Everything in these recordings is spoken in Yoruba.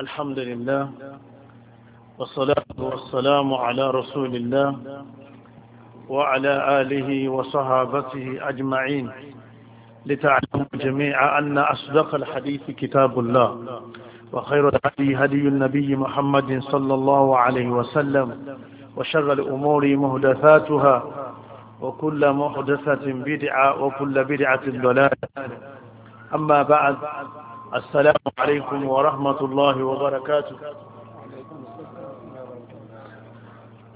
الحمد لله والصلاة والسلام على رسول الله وعلى آله وصحابته أجمعين لتعلموا جميعا أن أصدق الحديث كتاب الله وخير الحديث هدي النبي محمد صلى الله عليه وسلم وشر الأمور مهدثاتها وكل محدثة بدعة وكل بدعة ضلالة أما بعد السلام عليكم ورحمة الله وبركاته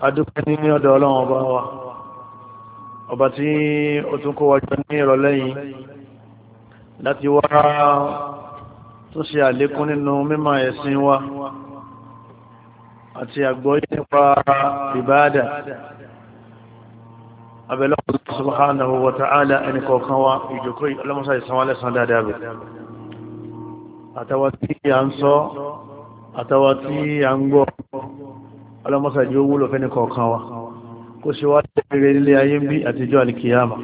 adúpẹ́ ní ọ̀dọ̀ ọlọ́run ọba wa ọba tí ó tún kó wájú ní ìrọ̀lẹ́ yìí láti wá tó ṣe àlékún nínú mímọ̀ ẹ̀sìn wa àti àgbọ́yé nípa ìbáadà abẹ́lọ́pọ̀ subhanahu wa ta'ala ẹnìkọ̀ọ̀kan wa ìjòkó ọlọ́mọsáyìí sanwó-alẹ́sàn dáadáa bẹ̀rẹ̀ àtàwà tí a ń sọ àtàwà tí a ń gbọ́ ọlọ́mọ́sàájú owó lọ fẹ́ni kọ̀ọ̀kan wa kó ṣe wá lẹ́rẹ̀ ilé ayé ń bí àtijọ́ alìkìyàmà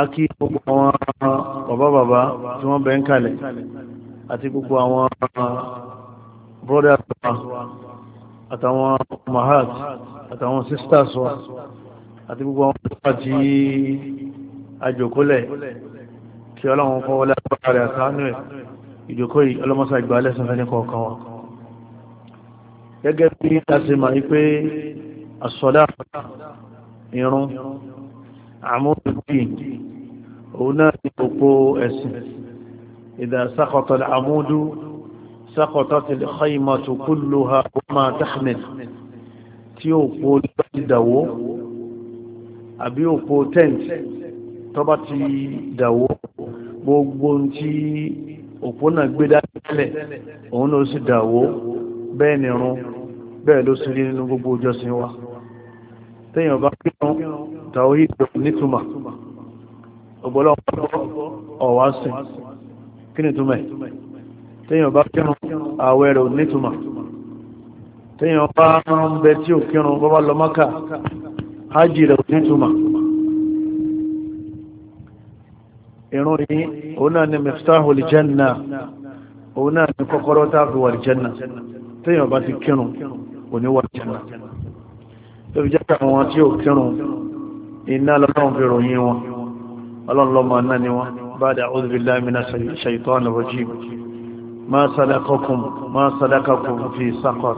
a kí gbogbo àwọn bàbá bàbá tí wọ́n bẹ̀ ń kalẹ̀ àti gbogbo àwọn brothers wa àtàwọn mahat àtàwọn sisters wa àti gbogbo àwọn bàbá àjòkólẹ̀ kí ọlọ́run kọ́ wọlé agbára rẹ̀ àtàánú ẹ̀ ìjòkó yìí ọlọ́mọ́sá ìgbà lẹ́sìn fẹ́ ní kọ̀ọ̀kan wa gẹ́gẹ́ bí a ṣe máa yí pé àsọdá irun àmúdùdì òun náà ní òpó ẹ̀sìn ìdá sákọ̀tọ̀ àmúdù sákọ̀tọ̀ ti xayma tó kúlù ha ó máa tahmil tí òpó nígbà àbí òpó tẹ́ǹtì tọ́ba ti dàwó gbogbo tí òpónà gbé dálẹ̀ òun ló sì dàwó bẹ́ẹ̀ ni run bẹ́ẹ̀ ló sì rí nínú gbogbo ìjọsìn wa téèyàn bá kírun tàwó ìjọ nítumà ọ̀pọ̀lọpọ̀ ọ̀wá sìn kí ni túmọ̀ téèyàn bá kírun àwẹ̀ rẹ̀ nítumà téèyàn bá ń bẹ tí ò kírun bọ́bá lọ Mákà rẹ̀ nítumà irun yìí òun náà ni miftahu aljanna òun náà ni kọ́kọ́rọ́ tá a fi wà aljanna téèyàn bá ti kírun kò ní wà aljanna tó fi jáde àwọn tí ò kírun iná lọ́wọ́n fi ròyìn wọn ọlọ́run lọ́mọ náà ni wọn ba'da a'udhu billahi minash shaytanir rajim ma salakakum ma salakakum fi saqar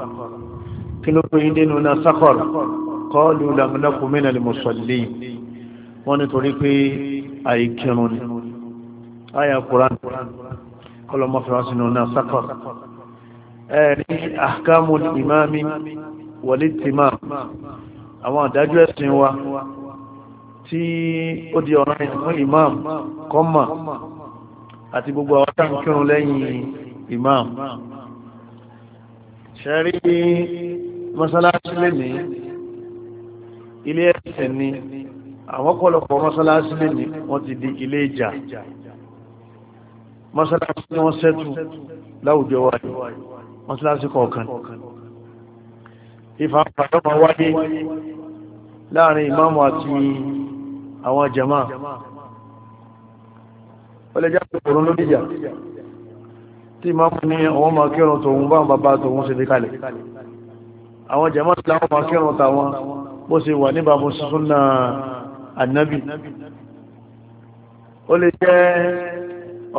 kí ló pé nínú náà saqar qalu lam naku minal musallin wọ́n nítorí pé àìkírun ni Aya Qur'an kọlọmọ́ fìrásì náà sákọ̀ ẹ̀rí àkámù ìmáàmì wọlé tìmá àwọn àdájọ́ ẹ̀sìn wa tí ó di ọ̀rọ̀ ìfún imam kọ́mà àti gbogbo àwọn táǹkírun lẹ́yìn imam ṣẹ́rí mọ́sálásí lẹ́ni ilé ẹ̀sìn ni àwọn kọlọ̀pọ̀ mọ́sálásí lẹ́ni wọ́n ti di ilé ìjà mọ́sálásí ni wọ́n sẹ́tù láwùjọ wáyé mọ́sálásí kọ̀ọ̀kan ìfàfàdọ́mà wáyé láàrin ìmáàmù àti àwọn jama ọlẹ́ jáde kòrò ló dìjà tí ìmáàmù ní àwọn máa kírun tòun bá bàbá tòun ṣe dékalẹ̀ àwọn jama ti láwọn máa kírun tàwọn bó ṣe wà níbàmú súnà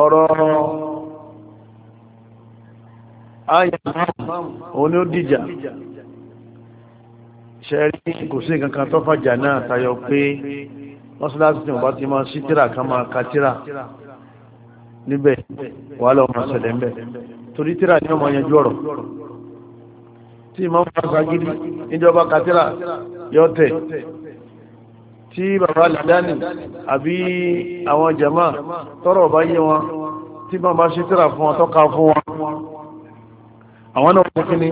ọ̀rọ̀ ayé òun ni ó dìjà ṣẹ́rí kò sí nǹkan kan tó fàjà náà tayọ pé mọ́sálásí tí wọ́n bá ti máa ṣítírà kan máa ka tírà níbẹ̀ wàhálà ọmọ ṣẹlẹ̀ ń bẹ̀ torí tírà ni ọmọ yanjú ọ̀rọ̀ tí ìmọ̀ ń fa sagidi níjọba ka tírà yọ tẹ̀ tí bàbá ládání àbí àwọn jàmá tọ́rọ̀ bá yé wọn tí bá bá ṣe tíra fún wọn tọ́ka fún wọn àwọn náà wọ́n kíní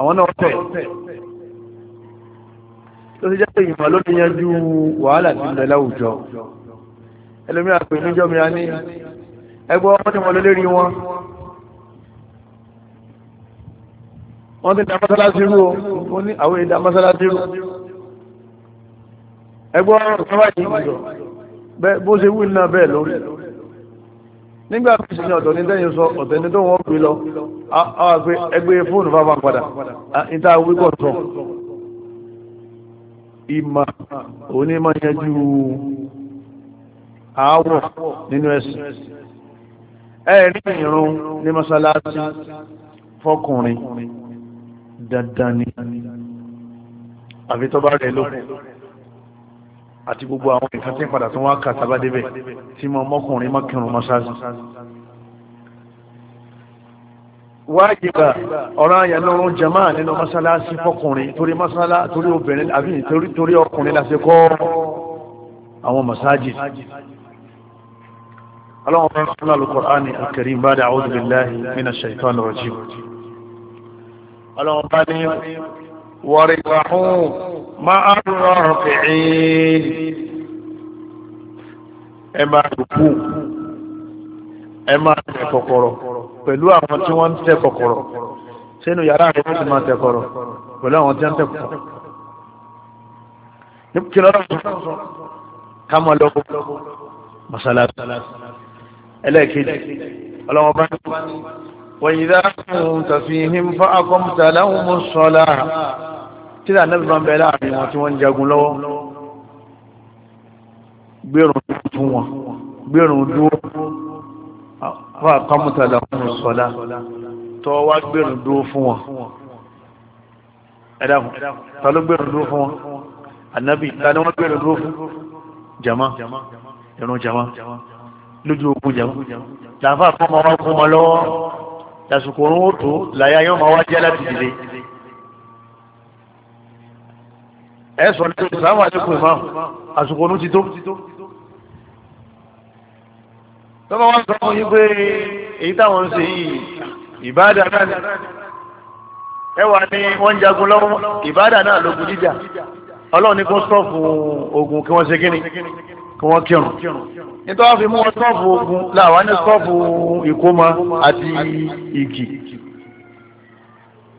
àwọn náà tẹ̀ tó ti jẹ́ pé ìmọ̀ ló ní yanjú wàhálà tí ń bẹ láwùjọ ẹlòmí àpè níjọ́ mi a ní ẹgbọ́ wọn ti mọ̀ lólérí wọn wọ́n ti dá mọ́sálásí rú o wọ́n ní àwọn èdè mọ́sálásí rú ẹgbọ́n ìfẹ́wàjì ìjọ bó ṣe wí náà bẹ́ẹ̀ lórí nígbà tó ṣe ní ọ̀dọ̀ ní tẹ́yìn sọ ọ̀tẹ̀ ní tó wọ́n gbé lọ àwọn àgbẹ̀ ẹgbẹ́ fóònù fáfá padà níta wíkọ̀ sọ ìmà òní máa yanjú àáwọ̀ nínú ẹ̀sìn ẹ̀rí ìrun ní mọ́sálásí fọkùnrin dandan ni àfi tó bá rẹ̀ lókun àti gbogbo àwọn nǹkan tí ń padà tó wá kà sábà débẹ̀ tí mo mọ́kùnrin mọ́kìrún mọ́ṣáàṣì. wájìbà ọ̀rọ̀ àyàn lọ́rùn jama nínú mọ́ṣáláṣí fọkùnrin torí mọ́ṣálá torí obìnrin àbí torí ọkùnrin láti kọ́ àwọn mọ́ṣáàjì. اللهم صل على القرآن الكريم بعد أعوذ بالله من الشيطان الرجيم اللهم بني ورفعوه máa ń rọrùn fìhín ẹ máa rùkú ẹ máa tẹ kọ̀kọ̀rọ̀ pẹ̀lú àwọn tí wọ́n ń tẹ kọ̀kọ̀rọ̀ sínú yàrá rẹ̀ wọ́n ti máa tẹ kọ̀rọ̀ pẹ̀lú àwọn tí wọ́n ń tẹ kọ̀kọ̀rọ̀ ní kí lọ́rọ̀ sọ ká máa lọ masalasi bá ní wọ́n yìí tàfihìn fún akọ́mùtà láwọn mú tíra náà bá ń bẹ láàrin wọn tí wọ́n ń jagun lọ́wọ́ gbérùn tún wọn gbérùn dúró wà kọ́mùtàlá fún sọ́lá tó wá gbérùn dúró fún wọn ẹ̀dàkùn ta ló gbérùn dúró fún wọn ànábì ta ni wọ́n gbérùn dúró fún jama ẹ̀rùn jama lójú ogun jama làǹfà fún ọmọ wọn fún ọmọ lọ́wọ́ lásìkò orun ó tó làyà yóò máa wá jẹ́ láti dìde. ẹ sọ ní ọjọ́ sáwọn àdékù ìmáàmù àsìkò ọdún ti tó tọ́ba wọn sọ fún yín pé èyí táwọn ń ṣe yìí ìbáàdà náà ni ẹ wà ní wọ́n jagun lọ́wọ́ ìbáàdà náà lógun jíjà ọlọ́run ní kó sọ́ọ̀fù ogun kí wọ́n ṣe kíni kí wọ́n kírun nítorí wọ́n fi mú wọn sọ́ọ̀fù ogun làwọn ní sọ́ọ̀fù ìkómọ àti ìgì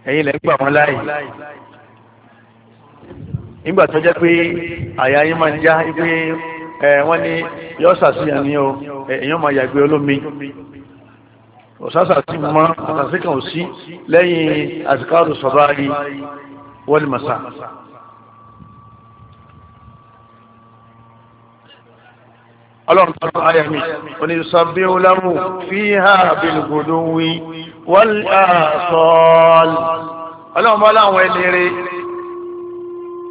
ẹ̀yin lẹ́gbàá wọn láàyè nígbà tó jẹ́ pé àyà yín máa ń já pé wọ́n ní yọ́ sàṣìyàn ni o èèyàn máa yàgbé olómi òṣàṣà sí mọ́ àtàṣí kan ò sí lẹ́yìn àsìkáàrù sọ̀rọ̀ ayé wọ́n ní màsà. ọlọ́run tó lọ ayé mi oníṣàbí olámù fíhà bìlgòdówí wọ́n lè àṣọ́ọ̀lì ọlọ́run bá láwọn ẹni rẹ̀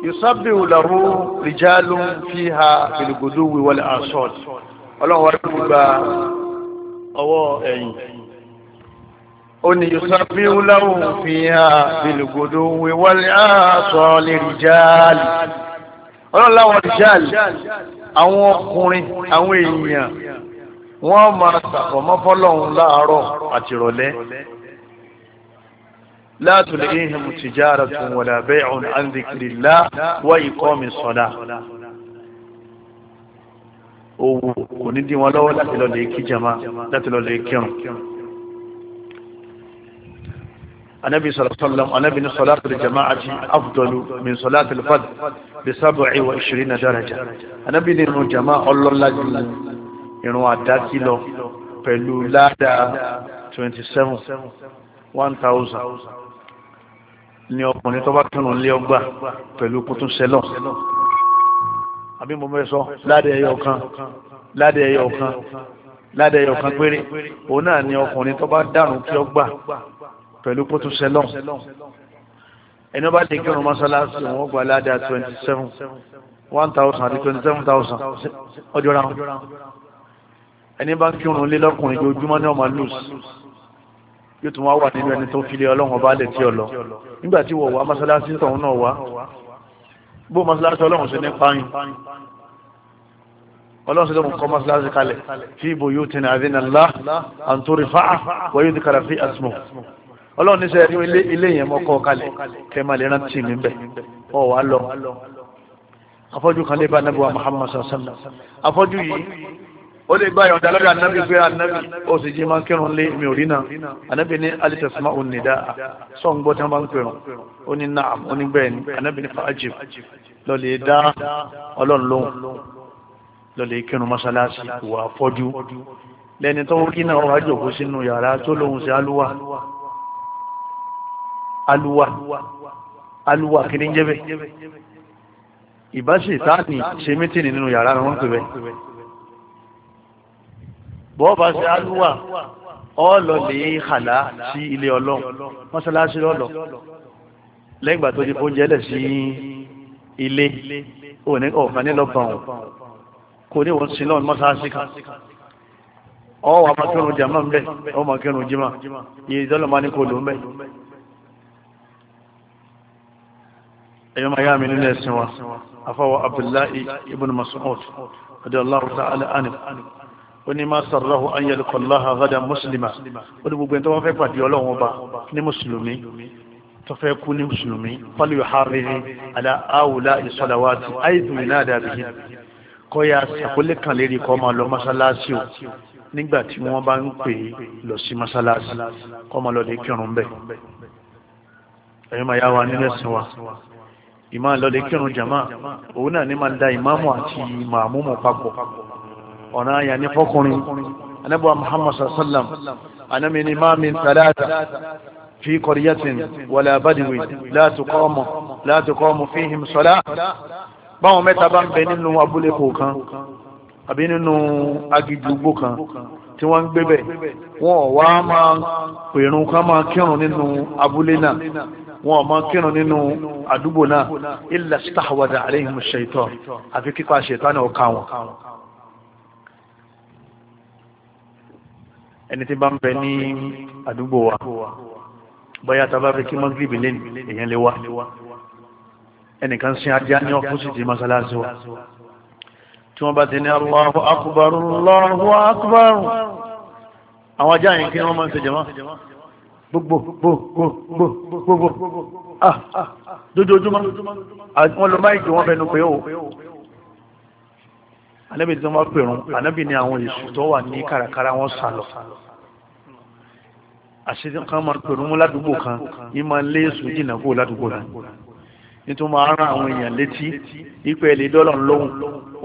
yusabihu lahu rijalun fiha filigodo wíwọlé asọl ọlọ́run wà lórí gba ọwọ́ ẹ̀yìn ó ní yusabihu lahu fiha filigodo wíwọlé asọl rijal ọlọ́run láwọn rijal àwọn ọkùnrin àwọn èèyàn wọ́n máa sàkọ̀mọ́ fọ́lọ́run láàárọ̀ àtìrọ̀lẹ́. لا تلئيهم تجارة ولا بيع عن ذكر الله وإقام الصلاة أو كنت ولا ولا تلوليك جماعة لا تلوليك يوم النبي صلى الله عليه وسلم أنا بن صلاة الجماعة أفضل من صلاة الفرد بسبع وعشرين درجة أنا بن الجماعة الله الله ينوى داكي لو بلولادا 27 1000 ni ọkùnrin tó bá kírun lé ọgbà pẹ̀lú kútún sẹlọ̀ àbí mo mẹ́ sọ ládẹ ẹyọ kan ládẹ ẹyọ kan ládẹ ẹyọ kan péré òun náà ni ọkùnrin tó bá dàrún kí ọgbà pẹ̀lú kútún sẹlọ̀ ẹni bá lè kírun mọ́sálásí wọn gba ládà twenty seven one thousand àti twenty seven thousand ọjọ́ ra wọn ẹni bá kírun lé lọ́kùnrin ojoojúmọ́ ní ọmọ lùs yóò tún wá wà nínú ẹni tó filé ọlọ́run ọba lè tí ọ lọ nígbà tí wọ̀ wá mọ́sálásí tọ̀hún náà wá bó mọ́sálásí ọlọ́run ṣe ní páyìn ọlọ́run ṣe tó mú kọ́ mọ́sálásí kalẹ̀ fi buyutin adhina Allah an turfa'a wa yudhkara fi asmuh ọlọ́run níṣẹ́ ní ilé yẹn mọ́kọ́ kalẹ̀ kẹ́ máa lè rántí mi bẹ̀ ọ wà lọ afọ́jú kan lè bá anábíwá Muhammad sallallahu alaihi wasallam afọ́jú yìí ó lè gba ìyọ̀ǹda lọ́dọ̀ ànábì pé ànábì ó sì jí máa ń kírun lé mi ò rí náà ànábì ní alítẹ̀símá òun nìdá sọ̀ ń gbọ́ tí wọ́n bá ń pèrò ó ní náà ó ní bẹ́ẹ̀ ni ànábì ní fàájì lọ́lẹ̀ dá ọlọ́run lóhùn lọ́lẹ̀ kírun mọ́ṣáláṣí ìwà afọ́jú lẹ́ni tó kí náà wàá jòkó sínú yàrá tó lóhùn sí alúwà alúwà alúwà kí ni jẹ́ bẹ́ẹ̀ ìbáṣe ìtáàní ṣe mítìnì nínú yàrá ni wọ́n ń pè bẹ́ẹ̀ bọ́ọ̀ bá ṣe alúwà ọlọ lè hàlá sí ilé ọlọ́run mọ́sálásí lọ́lọ́ lẹ́yìn ìgbà tó di oúnjẹ lẹ̀ sí ilé òní ọ̀kan nílọ bọ̀ọ̀n kò ní òun sílọ́ọ̀n mọ́sálásí kan ọwọ́ àmà kírun jàmá ńbẹ ọmọ kírun jimá iye ìdọ́lọ̀ máa ní kò ló ńbẹ. ẹ̀yọ́ máa yá mi nínú ẹ̀sìn wa afọwọ́ Abdullahi ibn Mas'ud radiyallahu ó ní máa sàrọ̀láhù ayélujára gádà mùsùlùmá ó ní gbogbo ẹni tó wọ́n fẹ́ pàdé ọlọ́run ọba ní mùsùlùmí tó fẹ́ kú ní mùsùlùmí fálíò hariri àdá àwùlá ìsọ̀làwàtì àìdùn iná àdàbí kọ́ ya sàkólé kan lérí kọ́ máa lọ mọ́sálásí o nígbà tí wọ́n bá ń pè é lọ sí mọ́sálásí kọ́ máa lọ lè kírun bẹ́ẹ̀ ẹ̀yin máa yá wa nínú ẹ̀sìn wa ìmáà lọ lè kírun jàmáà òun náà ní máa da ìmáàmù àti màmúmù papọ̀ ọ̀nà àyàn ní fọkùnrin anábọ̀ muhammad sallam anami ni máa mi tàdáta fi kọ̀ríyàtìn wàlẹ̀ àbádìwì láti kọ́ọ̀mù láti kọ́ọ̀mù fíhìm sọ́lá báwọn mẹ́ta bá ń bẹ nínú abúlé kọ̀ọ̀kan àbí nínú agidugbo kan tí wọ́n ń gbé bẹ̀ wọ́n wá máa pèrún ká máa kírun nínú abúlé náà wọ́n máa kírun nínú àdúgbò náà illa stahwada alayhim shaitan àfi kíkọ́ àṣetán náà ká wọn. ẹni tí bá ń bẹ ní àdúgbò wa bóyá tàbá fẹ́ kí mọ́gílìbì lè èyàn lè wá ẹnìkan sin ajá ní ọ́fúsìtì masalasi wa tí wọ́n bá ti ní Allahu akbar Allahu akbar àwọn ajá yìí kí wọ́n máa ń ṣe jẹmọ́ gbogbogbogbogbogbogbogbo ah, ah, ah. dojoojúmọ́ wọ́n lọ máa ìjọ wọn fẹnu pé ó oh, anábì tí wọ́n bá pèrún anábì ní àwọn èṣù tó wà ní kàràkàrà wọn sà lọ àṣetí kan máa pèrún mú ládùúgbò kan ní máa lé èṣù jìnnà kó ládùúgbò náà nítorí máa rán àwọn èèyàn létí ipe lè dọ́là lóhùn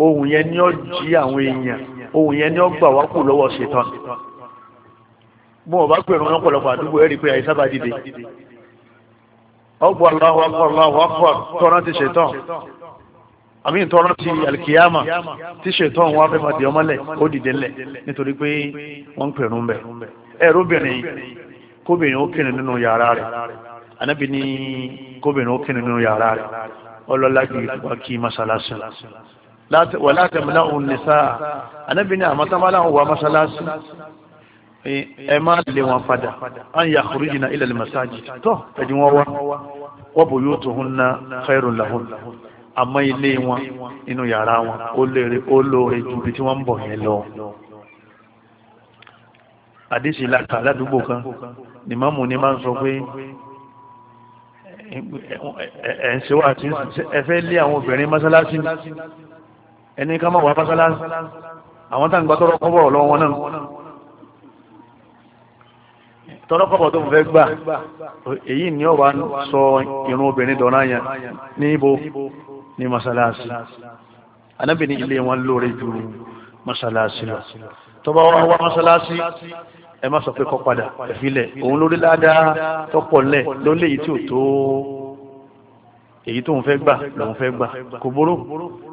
ohun yẹn ni ó jí àwọn èèyàn ohun yẹn ni ó gbà wá kù lọ́wọ́ ṣetán bó o bá pèrún ní ọ̀pọ̀lọpọ̀ àdúgbò ẹ̀rí pé àyíṣà bá dìde ọgbọ̀n aláwọ̀ akọ̀ aláwọ̀ akọ̀ tọ́ná ti ṣetán àmì ìtọ́rọ́ ti alikiyama tí ṣètọ́n wá fẹ́ máa di ọmọlẹ̀ ó dìde ńlẹ̀ nítorí pé wọ́n ń pẹ̀rù ń bẹ̀. ẹ̀rọ obìnrin kóbìnrin ó kìnrin nínú yàrá rẹ̀ anábì ní kóbìnrin ó kìnrin nínú yàrá rẹ̀ ọlọ́lá kì í wá kí masalasi wà láti ẹ̀mí náà òun nìsa anábì ní àmọ́tàmọ́lá òun wà masalasi ẹ máa lè wọn padà an yà kúrújìnà ilẹ̀ lè masáàjì tó ẹ̀dínwó wa wọ́n yóò tó hun ná àmọ́ ilé wọn inú yàrá wọn ó lóore ó lóore ju ibi tí wọ́n ń bọ̀ yẹn lọ. àdéṣe làkà ládùúgbò kan nìmọ́mù ni máa ń sọ pé ẹ̀ ń ṣe wá àti ẹ fẹ́ lé àwọn obìnrin mọ́sálásí ẹni ká má wà mọ́sálásí àwọn tá à ń gba tọrọ kọ́bọ̀ lọ́wọ́ wọn náà tọrọ tó fẹ́ gbà èyí ni ọba sọ irun obìnrin dọ̀nà yẹn ní ibo ní masalasi anábì ní ilé wọn lóore ju masalasi lọ tó bá wọn wá masalasi ẹ má sọ pada kó padà ẹ̀fílẹ̀ òun lórí ládàá tó pọ̀ lẹ̀ ló lé èyí tí ò tó èyí tó ń fẹ́ gbà lòun fẹ́ gbà kò bóró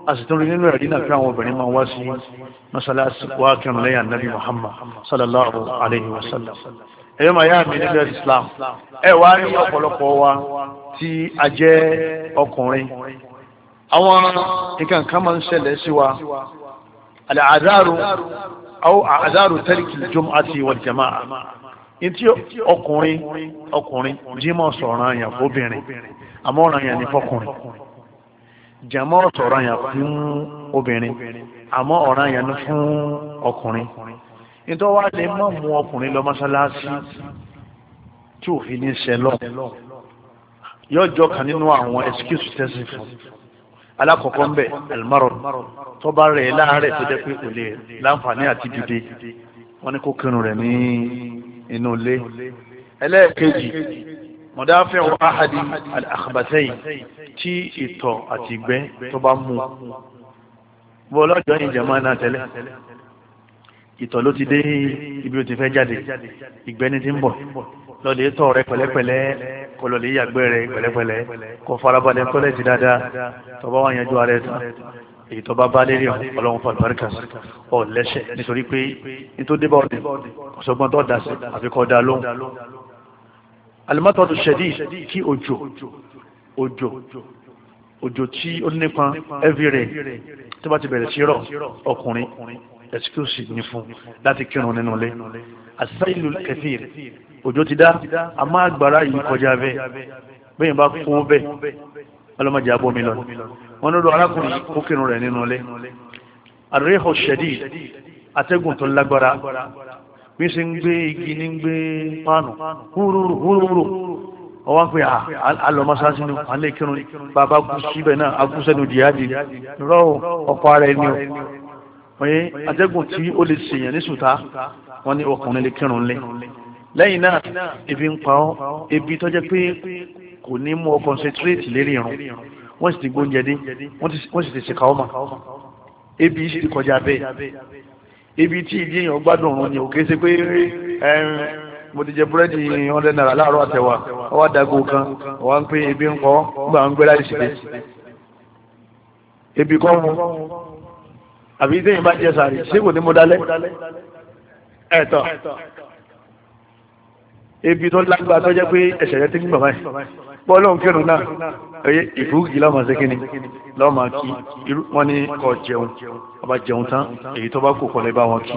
a sì tún rí nínú ẹ̀rí náà pé àwọn obìnrin máa wá sí masalasi wa kírun lẹ́yìn anabi muhammad sallallahu alayhi wa sallam ẹ̀yọ́ màá yá mi nílẹ̀ islam ẹ̀ wá rí ọ̀pọ̀lọpọ̀ wa tí a jẹ́ ọkùnrin àwọn nǹkan kan máa ń ṣẹlẹ̀ sí wa àdáàrú àwọn àdáàrú tẹ́lẹ̀kì jọmọ́ àti ìwà jama'a ntí ọkùnrin ọkùnrin jimọ sọ̀rọ̀ àyàn fóbìnrin àmọ́ ọ̀rọ̀ àyàn ní fọkùnrin jàmọ́ sọ̀rọ̀ àyàn fún obìnrin àmọ́ ọ̀rọ̀ àyàn ní fún ọkùnrin nítorí wàá lè má mú ọkùnrin lọ mọ́ṣáláṣí tí òfin ní sẹ́lọ̀ yọjọ́ kan nínú àwọn excuse tẹ́sí fún alákọ̀ọ́kọ́ ń bẹ̀ almaror tọ́ba rẹ̀ láàárẹ̀ tó jẹ́ pé kò lè láǹfààní àti dìde wọ́n ní kó kírun rẹ̀ ní inú ilé ẹlẹ́ẹ̀kejì wa ahadi al-akhbathayn tí ìtọ̀ àti ìgbẹ́ tó bá mú bọ́ lọ́jọ́ ìjẹ̀mọ́ náà tẹ́lẹ̀ ìtọ̀ ló ti dé ibi ó ti fẹ́ jáde ìgbẹ́ ti ń bọ̀ lọ́lẹ̀ tọ́ rẹ pẹ̀lẹ́pẹ̀lẹ́ kò lọ́lẹ̀ yàgbẹ́ rẹ pẹ̀lẹ́pẹ̀lẹ́ kò farabalẹ̀ tọ́lẹ̀tì dáadáa tọba wà yanjú ara ẹ̀ tán èyí tọba bá lérí hàn ọlọ́run fún àlùbáríkà ọ lẹ́sẹ̀ nítorí pé nítorí débà ọ̀dẹ̀ ọ̀sọ́gbọ́n tó dà sí àfikọ́ dá lóhùn. alimọ́tò tó ṣẹ̀dí kí òjò òjò òjò tí ó nípa everyday tó bá ti bẹ̀rẹ̀ sí rọ̀ ọkùnrin excuse ni fún láti kírun nínú ilé àṣà ìlú kẹfì òjò ti dá àmọ́ àgbàrá yìí kọjá bẹ́ẹ̀ bẹ́yìn bá kó bẹ́ẹ̀ ọlọ́mọdé abómi lọ wọn lọ́dọ̀ arákùnrin ó kírun rẹ̀ nínú ilé àríhọ̀ ṣẹ̀dí atẹ́gùn tó lágbára bí ṣe ń gbé igi ní gbé pánù húrúrú húrúrú ọwọ́ pé alọ́mọsáṣí ni wọ́n lè kírun bàbá kú síbẹ̀ náà agúnṣẹ́nu jihadi rọ́ ọ̀pọ̀ ara ẹni o atẹ́gùn tí ó lè ṣèyàn ní sùtá wọ́n ní ọkùnrin lè kírun lé lẹ́yìn náà ebi ń pa ọ́ ebi tó jẹ́ pé kò ní mú ọ concentrate lérí irun wọ́n sì ti gbóúnjẹ dé wọ́n sì ti ṣèkà ọmọ ebi sì ti kọjá bẹ́ẹ̀ ebi tí ìdí èèyàn gbádùn òun ni ò kése pé mo ti jẹ búrẹ́dì hundred naira láàárọ̀ àtẹ̀wà ọwọ́ àdàgò kan ọwọ́ ń pè ebi ń kọ́ nígbà ń gbé láì sílẹ̀ ebi kọ́ mu àbí téèyàn bá jẹ sàrí ṣé kò ní mo dalẹ̀ ẹ̀tọ́ ebi tó lágbà tó jẹ́ pé ẹ̀ṣẹ̀ rẹ̀ tí ń gbàmá ẹ̀ bọ́ọ̀lọ́ kírùn náà ẹ̀yẹ ìfúrúgì lọ́mà sí kíni lọ́mà kí wọ́n ní kọ jẹun ọba jẹun tán èyí tó bá kò kọlẹ̀ bá wọn kí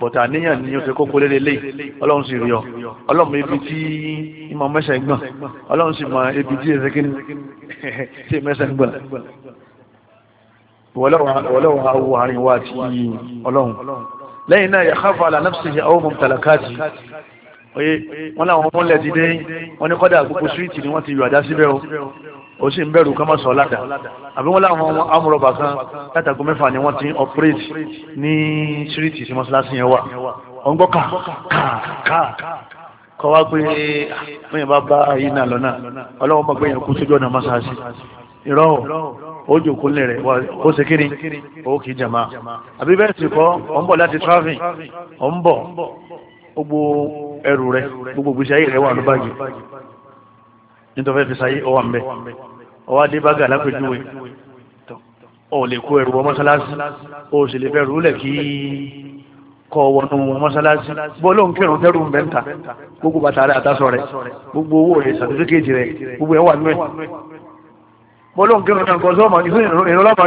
bọ̀tà níyàn ni ó fi kókó lé lélẹ̀ ọlọ́run sì rí ọ ọlọ́run ebi tí ìmọ̀ mẹ́sẹ̀ gbọ̀n ọlọ́run sì mọ ebi tí ẹ̀ṣẹ̀ kíni tí mẹ́sẹ̀ gbọ̀n wọ́lọ́run awọ àárín wa àti ọlọ́run lẹ́yìn náà yà oye wọ́n láwọn múlẹ̀ ti dé wọ́n ní kọ́dà gbogbo síríìtì ni wọ́n ti yọ àdá síbẹ̀ o ó sì ń bẹ̀rù ká má sọ ládàá àbí wọ́n láwọn amúrọ̀bà kan látàgọ́ mẹ́fà ni wọ́n ti ń ọ̀pẹ́rẹ́tì ní síríìtì sí mọ́ṣáláṣí yẹn wà wọ́n gbọ́ ká ká ká kọ́ wá pé mẹ́yìn ah, bá bá yìí náà lọ́nà ọlọ́wọ́ mọ̀ pé yẹn kú sójú ọ̀nà mọ́ṣáláṣí irọ́ ojú òkúnlẹ̀ rẹ̀ ó ṣe kiri ó kì í jàmá àbí bẹ́ẹ̀ sì kọ́ ọ̀ ń bọ̀ láti traveling ọ̀ ń bọ̀ gbogbo ẹrù rẹ gbogbo gbèsè ayé rẹ wà ní báàgì nítorí fẹ́ fi sáyé ọwà ń bẹ ọwà dé bága alápèjúwe ọ lè kó ẹrù wọ mọ́sálásí o sì lè fẹ́rù lẹ̀ kí kọ wọnú mọ́sálásí bọ́ọ̀lù ń kírun fẹ́rù ń bẹ ń ta gbogbo bàtà rẹ àtàsọ rẹ gbogbo owó rẹ sàtífíkèjì rẹ gbogbo ẹ wà nú ẹ bọ́ọ̀lù ń kírun náà kọ́sọ́ ọmọ ìfún ìrọlọ́mọ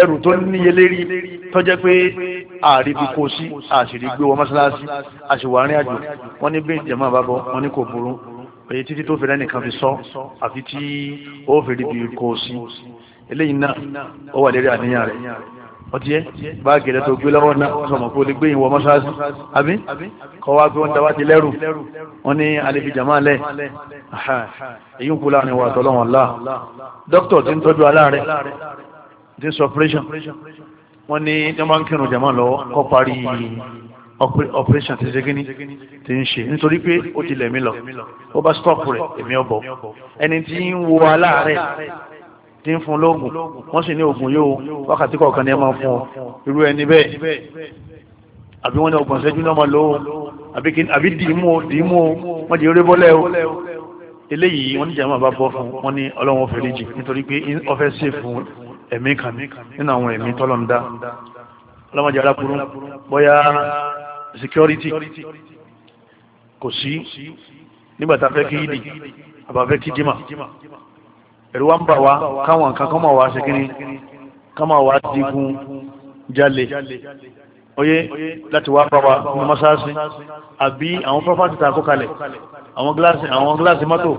ẹrù tó níye lérí tó jẹ́ pé àríbi kò sí àṣírí gbé wọ mọ́ṣáláṣí àṣìwárin àjò wọ́n ní bí ìjẹ̀mọ́ àbábọ̀ wọ́n ní kò burú èyí títí tó fẹ́rẹ́ nìkan fi sọ àfi tí ó fèrè bí kò sí eléyìí náà ó wà lérí àníyàn rẹ̀ ọtí ẹ báàgì rẹ tó gbé lọ́wọ́ náà sọmọ kó lè gbé ìwọ mọ́ṣáláṣí àbí kọ́ wá pé wọ́n dáwà ti lẹ́rù wọ́n ní alẹ́fi jàmáà lẹ̀ èyí ń kú láàrin wa àtọ́lọ́wọ̀n láà dókítà ti ń tọ́jú aláàrẹ̀ ti sọ operation wọ́n ní jọmọ́ ń kírun jẹ̀mọ́ lọ kọ́ parí operation ti ṣegíní ti ń ṣe nítorí pé ó ti lẹ̀mí lọ ó bá stop rẹ̀ èmi ọ̀bọ̀ ẹni tí ń wo aláàárẹ̀ tí ń fún lóògùn wọ́n sì ní oògùn yóò wákàtí kọ̀ọ̀kan ní ẹ máa fún ọ irú ẹni bẹ́ẹ̀ àbí wọ́n ní ọgbọ̀n ṣẹ́jú náà máa lò ó àbí dìímú o dìímú o wọ́n di erébọ́lẹ̀ o eléyìí wọ́n ní jàmbá bá bọ́ fún wọn ní ọlọ́wọ́n fèrèjì ẹ̀mí kan nínú àwọn ẹ̀mí tọ́lọ́m dá ọlọ́mọdé alákùnrin bóyá security kò sí nígbàtà fẹ́ kí ìdí àbàfẹ́ kí jimá ẹ̀rù wa ń bà wá káwọn nǹkan kan máa wá ṣe kíni ká máa wá digun jalè oyé láti wá bá wa ní mọ́sáàsì àbí àwọn pọ́fàtì tàkó kalẹ̀ àwọn gíláàsì mọ́tò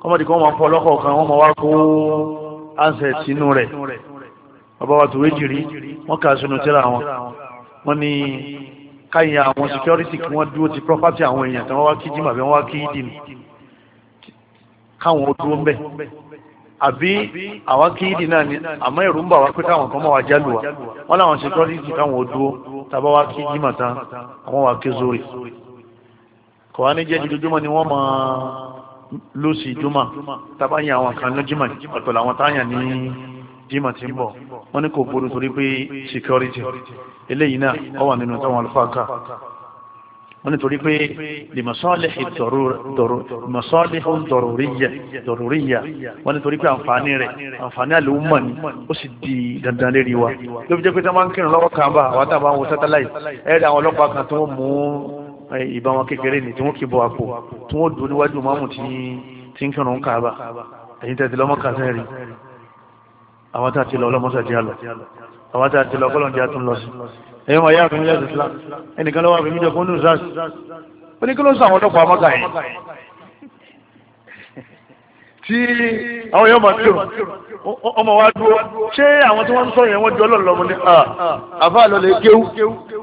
kọ́mọ̀dé kan máa fọ́ wọ́n máa wá kó asẹ̀ sínú rẹ̀ bàbá wa tòwé jìrí wọ́n kà sínú tíra wọn wọ́n ní káyìn àwọn security kí wọ́n dúró ti property àwọn èèyàn tí wọ́n wá kí jim àbí wọ́n wá kí dì káwọn ó dúró ń àbí àwa kí dì náà ni àmọ́ ẹ̀rù ń bà wá pé káwọn kan mọ̀ wá jálù wa wọ́n láwọn security káwọn ó dúró tàbá wá kí jim àtàn àwọn wà ké zori kọ̀wá ní jẹ́ jùlọ ni wọ́n máa lóṣì jùmọ̀ tàbá yàn àwọn kan lójúmọ̀ ọ̀tọ̀ làwọn táyà ní jimá ti ń bọ̀ wọ́n ní kò burú torí pé security eléyìí náà ó wà nínú táwọn alfáàkà wọ́n ní torí pé lèmọ̀sọ́lẹ̀hùn dọ̀rọ̀ríyà wọ́n ní torí pé àǹfààní rẹ̀ àǹfààní àlùmọ̀ ni ó sì di dandan lérí wa ló fi jẹ́ pé tá máa ń kírun lọ́wọ́ kan bá àwọn tábà ń ẹ̀rẹ̀ àwọn ọlọ́pàá kan tó mú ìbọn wọn kékeré ni tí wọ́n kì bọ àpò tí wọ́n dùn níwájú mọ́mù tí ń kírun káàbà ẹ̀yin tẹ̀sí lọ́mọ kàṣẹ́ rí àwọn tá a ti lọ ọlọ́mọṣẹ́ ti lọ àwọn tá a ti lọ ọgọ́lọ́ndì àtún lọ sí ẹ̀yin wọ̀nyí àfihàn ilẹ̀ ìsìlá ẹnìkan lọ́wọ́ àfihàn ìjọba ní sars ó ló ń sọ àwọn ọlọ́pàá mọ́ta tí àwọn yóò máa tèrò ọmọ wa dúró ṣé àwọn tí wọ́n ń sọ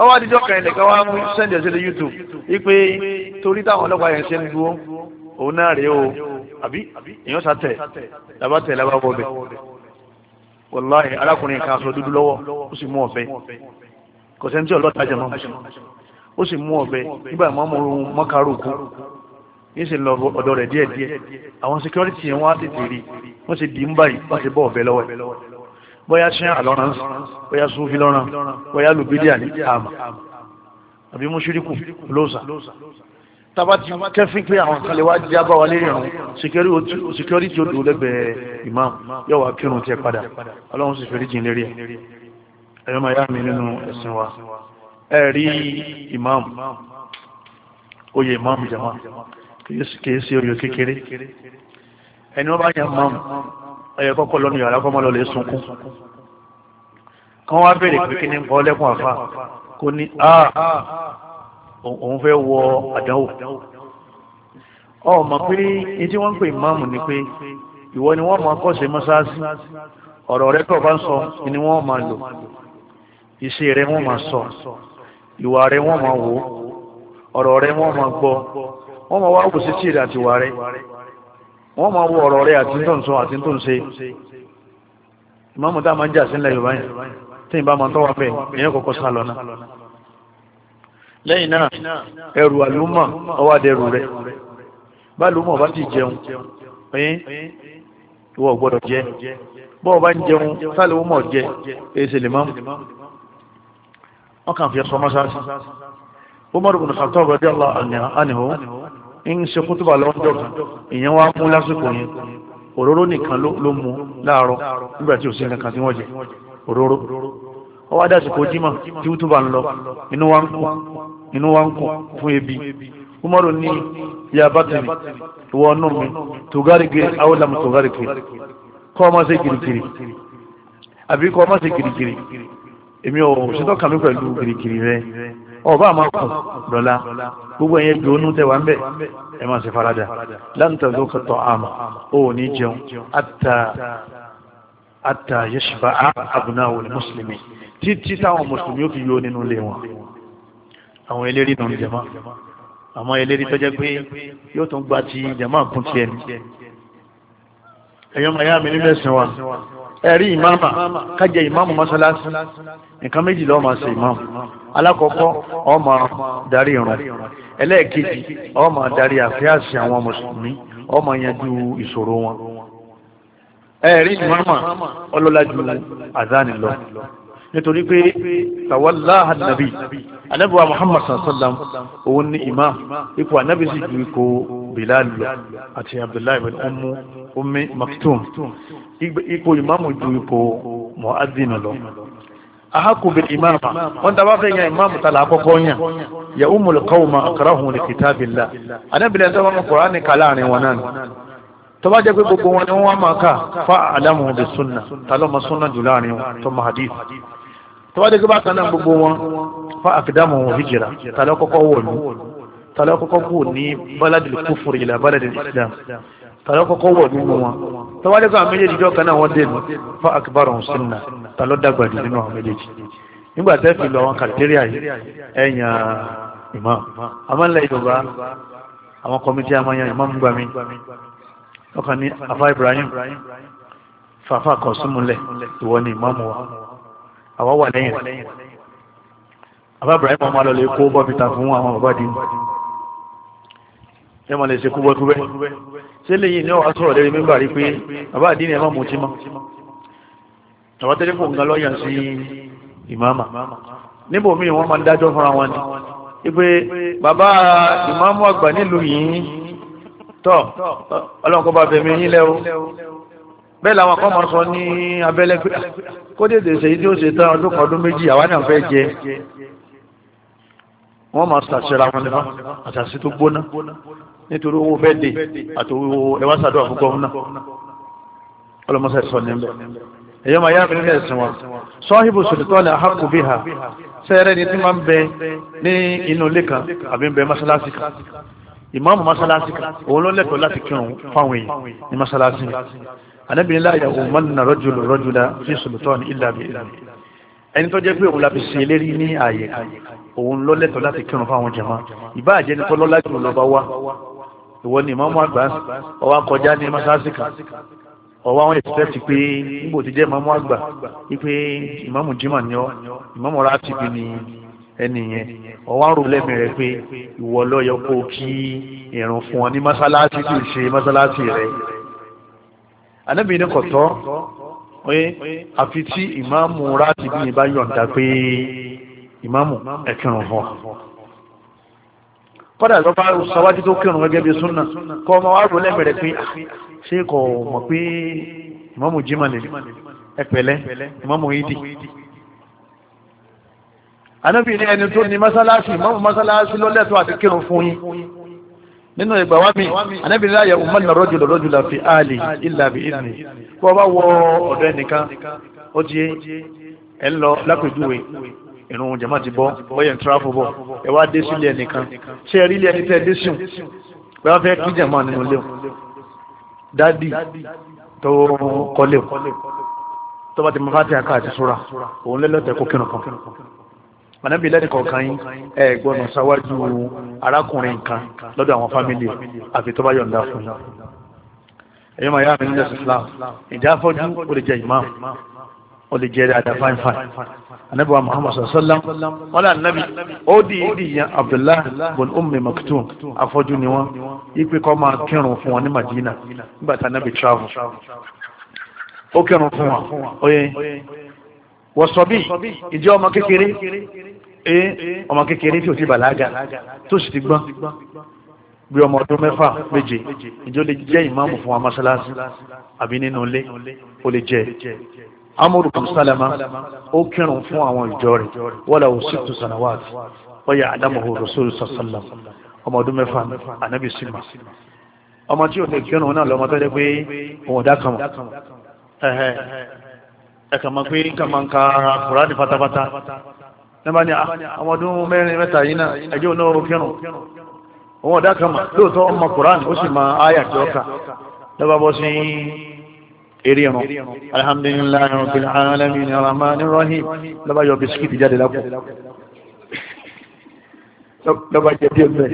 ọwọ́ adijọ́ kan ẹnìkan wá mú sẹ́ndì ẹ̀sẹ̀ lé youtube wípé torí táwọn ọlọ́pàá yẹn ṣe ń dúró òun náà rèé o àbí èèyàn sàtẹ̀ làbá tẹ̀ làbá wọ bẹ̀ wàláhì arákùnrin kan aṣọ dúdú lọ́wọ́ ó sì mú ọ̀bẹ kò sẹ́ni tí ọlọ́ta jẹ mọ́ ó sì mú ọ̀bẹ nígbà máa mú mọ́kàrú kú yìí sì lọ ọ̀dọ̀ rẹ̀ díẹ̀díẹ̀ àwọn security yẹn wọ́n á tètè rí wọ́n sì dì ń báyìí wọ́n sì bọ́ ọ̀bẹ lọ́wọ́ bóyá ṣe àlọ́ràn bóyá súnfí lọ́ràn bóyá lùbídíà ní àmà àbí mùṣírìkù lóòsà tàbá ti kẹ́fín pé àwọn kan lè wá jẹ́ bá wa lérí ọ̀run security odò lẹ́gbẹ̀ẹ́ imam yóò wá kírun tiẹ̀ padà ọlọ́run sì fẹ́rí jìn lérí ẹ̀yọ́ máa yá mi nínú ẹ̀sìn wa ẹ rí imam oyè imam jama kìí ṣe oyè kékeré ẹni wọ́n bá yẹ imam ọyẹ kọ́kọ́ lọ́nu yàrá kọ́ mọ́ lọ lè sunkún kán wá bèrè pé kí ni nǹkan ọlẹ́kùn àfa kó ní a òun fẹ́ wọ àdánwò ọmọ pé ní tí wọ́n ń pè máàmù ni pé ìwọ ni wọ́n máa kọ́sẹ̀ mọ́sáàsì ọ̀rọ̀ rẹ tó bá ń sọ ni wọ́n máa lò iṣẹ́ rẹ wọ́n máa sọ ìwà rẹ wọ́n máa wò ọ̀rọ̀ rẹ wọ́n máa gbọ́ wọ́n máa wá wò sí tìrì àtiwà rẹ wọ́n máa wo ọ̀rọ̀ rẹ̀ àti tó ń sọ àti tó ń ṣe ìmáàmù tá a máa ń jà sílẹ̀ yorùbá yẹn tí ìbá máa ń tọ́wọ́ bẹ́ẹ̀ ìyẹn kọ́kọ́ sá lọ náà lẹ́yìn náà ẹrù àlùmọ̀ ọwọ́ adẹrù rẹ̀ bá àlùmọ̀ bá ti jẹun ẹ̀yìn ìwọ gbọ́dọ̀ jẹ bọ́ bá ń jẹun sálẹ̀ jẹ èsì lè máa wọ́n kàn fi ẹ̀sọ́ mọ́sáàsì ń ṣe kútùbà lọ́dọ̀ kan èèyàn wá mú lásìkò yẹn òróró nìkan ló mú láàárọ̀ nígbà tí ò sí nǹkan tí wọ́n jẹ òróró ó wá dásìkò jímọ̀ tí kútùbà ń lọ inú wa ń kù inú wa ń kù fún ebi umaru ní ya bátìrì ìwọ ọ̀nà mi tògárìgìrì awolamu tògárìgìrì kọ́ ọ má ṣe gìrìgìrì àbí kọ́ ọ má ṣe gìrìgìrì èmi ò ṣètò kàmí pẹ̀lú gìrìgìrì rẹ ọba àmọ́ kù dọ̀la gbogbo ẹ̀yẹ dùnú tẹwàá ń bẹ̀ ẹ máa ṣe farada láǹtàzó kọtọ̀ àmà ó ní jẹun àtà àtà yẹsùbà àbùnáwò ní mùsùlùmí títí táwọn mùsùlùmí ó fi yóò nínú ilé wọn àwọn eléri nù jẹ̀mọ́ àmọ́ eléri tọ́jẹ́ pé yóò tún gba ti jẹ̀mọ́ àkúntì ẹni ẹ̀yọ́ màyá mi nílẹ̀ sìn ẹ̀rí ìmáàmà kájẹ ìmáàmù mọ́sálásí nǹkan méjì lọ́ọ́ máa ṣe ìmáàmù alákọ̀ọ́kọ́ ọ máa darí irun ẹlẹ́ẹ̀kejì ọ máa darí àfíàsì àwọn mùsùlùmí ọ máa yanjú ìṣòro wọn ẹ̀rí ìmáàmà ọlọ́lá ju àzáni lọ nítorí pé tàwálá ànàbì anábì wa muhammad sallam òun ní imam ipò anábì sì ju ipò bilal lọ àti abdullahi bin ummu ummi maktum ipò imamu ju ipò mu'adhin lọ ahaku bil imama wọ́n tàbá fẹ́ yan imamu tala àkọ́kọ́ yan ya umul qawma aqrahum li kitabillah anábì lẹ́yìn tó wọ́n mú kùránì kàlá àrin wọn náà tó bá jẹ́ pé gbogbo wọn ni wọ́n máa kà fa alamu bi sunna talọ́ ma sunna jù láàrin wọn tó ma hadith tọ́wádé gbé bákan náà gbogbo wọn fa àfidámọ̀ wọn hijira tàlẹ́ kọ́kọ́ wọ̀lú tàlẹ́ kọ́kọ́ ní báládì kúfùrù ìlà báládì islam tàlẹ́ kọ́kọ́ wọ̀lú wọn tọ́wádé gbé àwọn méjèèjì kan náà wọ́n dẹ̀nu fa akbarun sunna tàlọ́ dàgbà nínú nígbà tẹ́ fi lọ àwọn kàtẹ́rì àyè ẹ̀yà àmọ́ àwọn ọkàn ní afa ibrahim kọ̀ ìwọ ni wa àwa wà lẹ́yìn rẹ̀ àbá Ibrahim ọmọ alọ́ lè kó bọ́fìtà fún àwọn bàbá dín ẹ mọ̀ lè ṣe kúbọ́kúbẹ́ ṣé lẹ́yìn ní ọ̀wá sọ̀rọ̀ lẹ́yìn mímbà rí pé bàbá dín ní ẹ má mú tí mọ́ àwọn tẹ́lẹ̀ fún nǹkan lọ́yàn sí ìmáàmà níbo mi wọ́n máa ń dájọ́ fúnra wọn ni wípé bàbá ìmáàmù àgbà nílùú bẹ́ẹ̀ làwọn akọ́ máa sọ ní abẹ́lẹ́ pé kó dèdè ṣèyí tí ó ṣe tán ọdún kan ọdún méjì àwa náà fẹ́ jẹ wọ́n máa ṣàṣẹra wọn nípa àṣàṣì tó gbóná nítorí owó fẹ́ dè àtòwò ẹwà sàdúrà fún gọ́ọ̀nà ọlọ́mọṣẹ́ sọ ní ẹ̀mẹ́ èyí ọmọ ayáàbí nílẹ̀ ẹ̀sìn wọn sọ́hìbù sòtítọ́ ní àhákù bí ha sẹ́ẹ̀rẹ́ ni tí máa ń bẹ ní inú ilé kan àbí ń bẹ mọ́ṣáláṣí kan ìmáàmù mọ́ṣáláṣí kan òun ló lẹ́tọ̀ọ́ láti kírun fáwọn èèyàn ní mọ́ṣáláṣí anábìrin láàyè òun mọ́nà rọ́jùlù rọ́jùlá sí sultan ilà bí ilà ẹni tó jẹ́ pé òun láti ṣe eléri ní ààyè òun ló lẹ́tọ̀ọ́ láti kírun fáwọn jàmá ìbá àjẹni tó lọ́lá jù lọ bá wá ìwọ ni ìmọ̀mú àgbà ọwọ́ akọjá ní mọ́sáàsì kan ọwọ́ àwọn ìfẹ́sì pé níbo ti jẹ́ ìmọ̀mú àgbà wípé ìmọ̀mú jimá ni ọ ìmọ̀mú ra ti bi ni ẹni yẹn ọwọ́ àrùn lẹ́mí rẹ pé ìwọ ló kó kí ìrun fún ọ ní mọ́sálásí kì ṣe mọ́sálásí rẹ anábì ní kọ̀tọ́ pé àfi tí ìmáàmù ráàtì bí yẹn bá yọ̀ǹda pé ìmáàmù ẹ̀kìrùn fún ọ kọ́dà tó bá sọwájú tó kírun gẹ́gẹ́ bí súnà kọ́ ọmọ wàá rọlẹ́ mẹ́rẹ̀ pé ah, ṣé kò mọ̀ pé ìmáàmù jimá ni ẹ̀pẹ̀lẹ́ ìmáàmù ìdì anábì ní ẹni tó ní mọ́sálásí ìmáàmù mọ́sálásí lọ́lẹ́tọ̀ àti kírun fún yín nínú ìgbà wá mi anábìrin láyẹ̀ ọmọ ìlànà rọ́jùlọ rọ́jùlọ fi àlè ìlàbí ìrìn kó ọba wọ ọ̀dọ̀ ẹnìkan ó ti ẹ̀ ń lọ lápèjúwe ìrun jama ti bọ́ bọ́yẹ̀ ń tíráfù bọ̀ ẹ wá dé sílé ẹnìkan ṣé ẹ rí ilé ẹni tẹ́ dé sùn pé wọ́n fẹ́ kí jama nínú ilé dádì tó kọ́lé tó bá ti mọ fàtí àká àti súra òun lẹ́lọ́tẹ̀ kó kírun kan mọ̀nàbí lẹ́nìkọ̀ọ̀kan yín ẹ gbọ́dọ̀ ṣáwájú arákùnrin kan lọ́dọ̀ àwọn fámìlì àfi tó bá yọ̀ǹda fún yín. ẹ̀yin máa yá mi nílẹ̀ Islam ìjà afọ́jú ó lè jẹ ìmáàmù ó lè jẹ dáadáa fáin fáin wa muhammad sallam wala anabi ó di ìdí yan abdullah bin ummi maktum afọ́jú ni wọ́n ipe kọ́ máa kírun fún wọn ní madina nígbà tí anabi travel ó kírun fún wọn ó yẹ wọ̀sọ̀bí ìjẹ́ ọmọ kékeré ee ọmọ kékeré tí ò ti bàlágà tó sì ti gbọ́n bí ọmọ ọdún mẹ́fà méje ìjọ lè jẹ́ ìmáàmù fún wa mọ́sálásí àbí nínú ilé ó lè jẹ́ amúrù kan ó kírun fún àwọn ìjọ rẹ̀ wọ́lá ò sí tún sànàwáàtì wọ́yà àdámọ̀hó rọ̀sọ́lù sàṣàlá ọmọ ọdún mẹ́fà ànábì sílmà ọmọ tí ò lè kírun náà lọ́mọ tó dé pé òun dá kan ẹ̀kà mọ̀ pé kàmọ̀ǹkà kùránì pátápátá nígbà ní ah, àwọn ọdún mẹ́rin mẹ́ta yìí náà ẹjọ́ náà ó kírun òun ọ̀dá kan mà lóòótọ́ ọmọ kùránì ó sì máa áyà tí ó kà bọ́ sí eré ẹ̀rùn alhamdulillahi rabbil alamin arrahmanir rahim lọ́ba yọ bisikíìtì jáde lápò lọ́ba jẹ bí ẹgbẹ́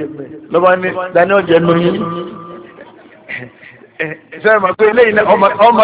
lọ́ba ní daniel jẹ nù yín sẹ́yìn mà pé eléyìí ọmọ ọmọ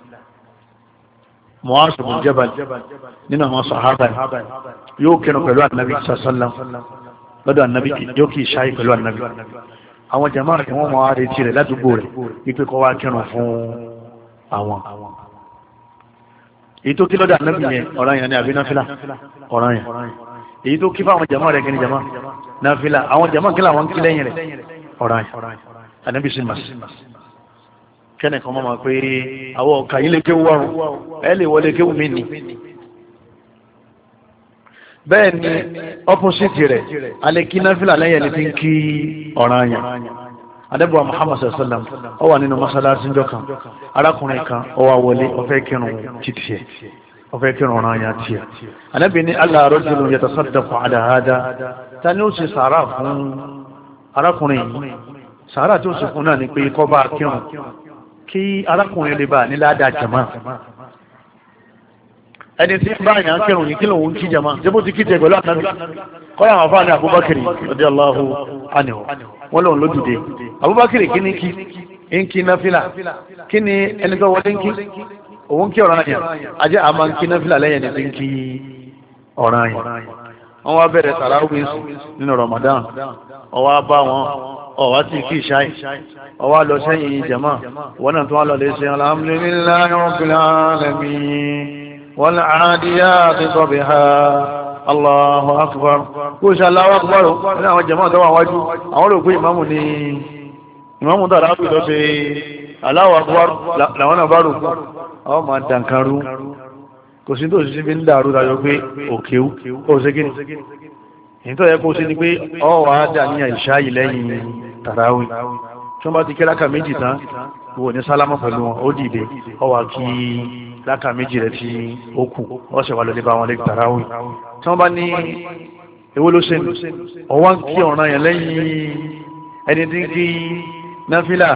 Mu'az bin Jabal nínú àwọn sàhábà yóò kírun pẹ̀lú ànábì sàṣálàm lọ́dọ̀ ànábì yóò kì í ṣáyé pẹ̀lú ànábì àwọn jàmáà rẹ̀ wọ́n máa retí rẹ̀ ládùúgbò rẹ̀ wípé kọ́ wá kírun fún àwọn. èyí tó kí lọ́dọ̀ ànábì yẹn ọ̀ràn yẹn ni àbí náfìlà ọ̀ràn yẹn èyí tó kí fáwọn jàmáà rẹ̀ kí ni jàmáà náfìlà àwọn jàmáà kí làwọn kí lẹ́yìn rẹ̀ ọ̀ràn yẹn ànábì sì mà sí kẹ́nìkan máa pé àwọn ọ̀kà yìí lè kéwú wárùn ẹ lè wọlé kéwú mi ni bẹ́ẹ̀ ni opposite rẹ̀ alekinafila lẹ́yìn ẹni tí ń kí ọ̀ràn yẹn adébọ̀wá muhammad sallam ó wà nínú masalasi jọ kan arákùnrin kan ó wá wọlé ó fẹ́ kírun títì ẹ̀ ó fẹ́ kírun ọ̀ràn yẹn tiẹ̀ anábì ní allah rọ́jùlù yàtọ̀ sọ́dọ̀kọ̀ àdáhàdá ta ni ó ṣe sàárà fún arákùnrin yìí sàárà tí sì fún náà ni pé kọ́ bá kírun kí arákùnrin lè bá ní ládàá jàmá ẹni tí ń bá yàn kẹrùn yìí kí lòun ń kí jàmá jẹ́ bó ti kí tẹ̀ pẹ̀lú àtàbí kọ́lá àwọn afáàní abubakiri ọdí aláhu anìwọ̀ wọ́n lòun ló dìde abubakiri kí ni kí ń kí náfìlà kí ni ẹni tó wọlé ń kí òun kí ọ̀ràn yẹn ajẹ́ àmà ń kí náfìlà lẹ́yìn ẹni ń kí ọ̀ràn yẹn wọ́n wá bẹ̀rẹ̀ tàràwí nínú Ramadan wọ́n wá bá wọn ọ̀wá sí kí ìṣáì ọwá lọ sẹ́yìn jẹ̀mọ́ wọ́n náà tó wá lọ lè ṣe alhamdulillahi rabbil alamin wal adiyati dabha Allahu akbar kó ṣe Allahu akbar ní àwọn jẹ̀mọ́ tó wà wájú àwọn olùkú ìmáàmù ni ìmáàmù tó àdáàbì lọ ṣe Allahu akbar làwọn náà bá rò kú àwọn máa dànkarú kò sí tó sì fi ń dàrú dájọ pé òkèwú ó ṣe kíni èyí tó yẹ kó ṣe ni pé ọ wà á dà ní àìṣá yìí lẹ́yìn tàràwì tí wọ́n bá ti kí láka méjì tán wò ní sálámà pẹ̀lú wọn ó dìde ọ wà kí láka méjì rẹ̀ tí ó kù ọ sì wà lọ́lẹ́ bá wọn lẹ́yìn tàràwì tí wọ́n bá ní èwo ló ṣe ní ọwọ́ ń kí ọ̀ràn yẹn lẹ́yìn ẹni tí ń kí náfìlà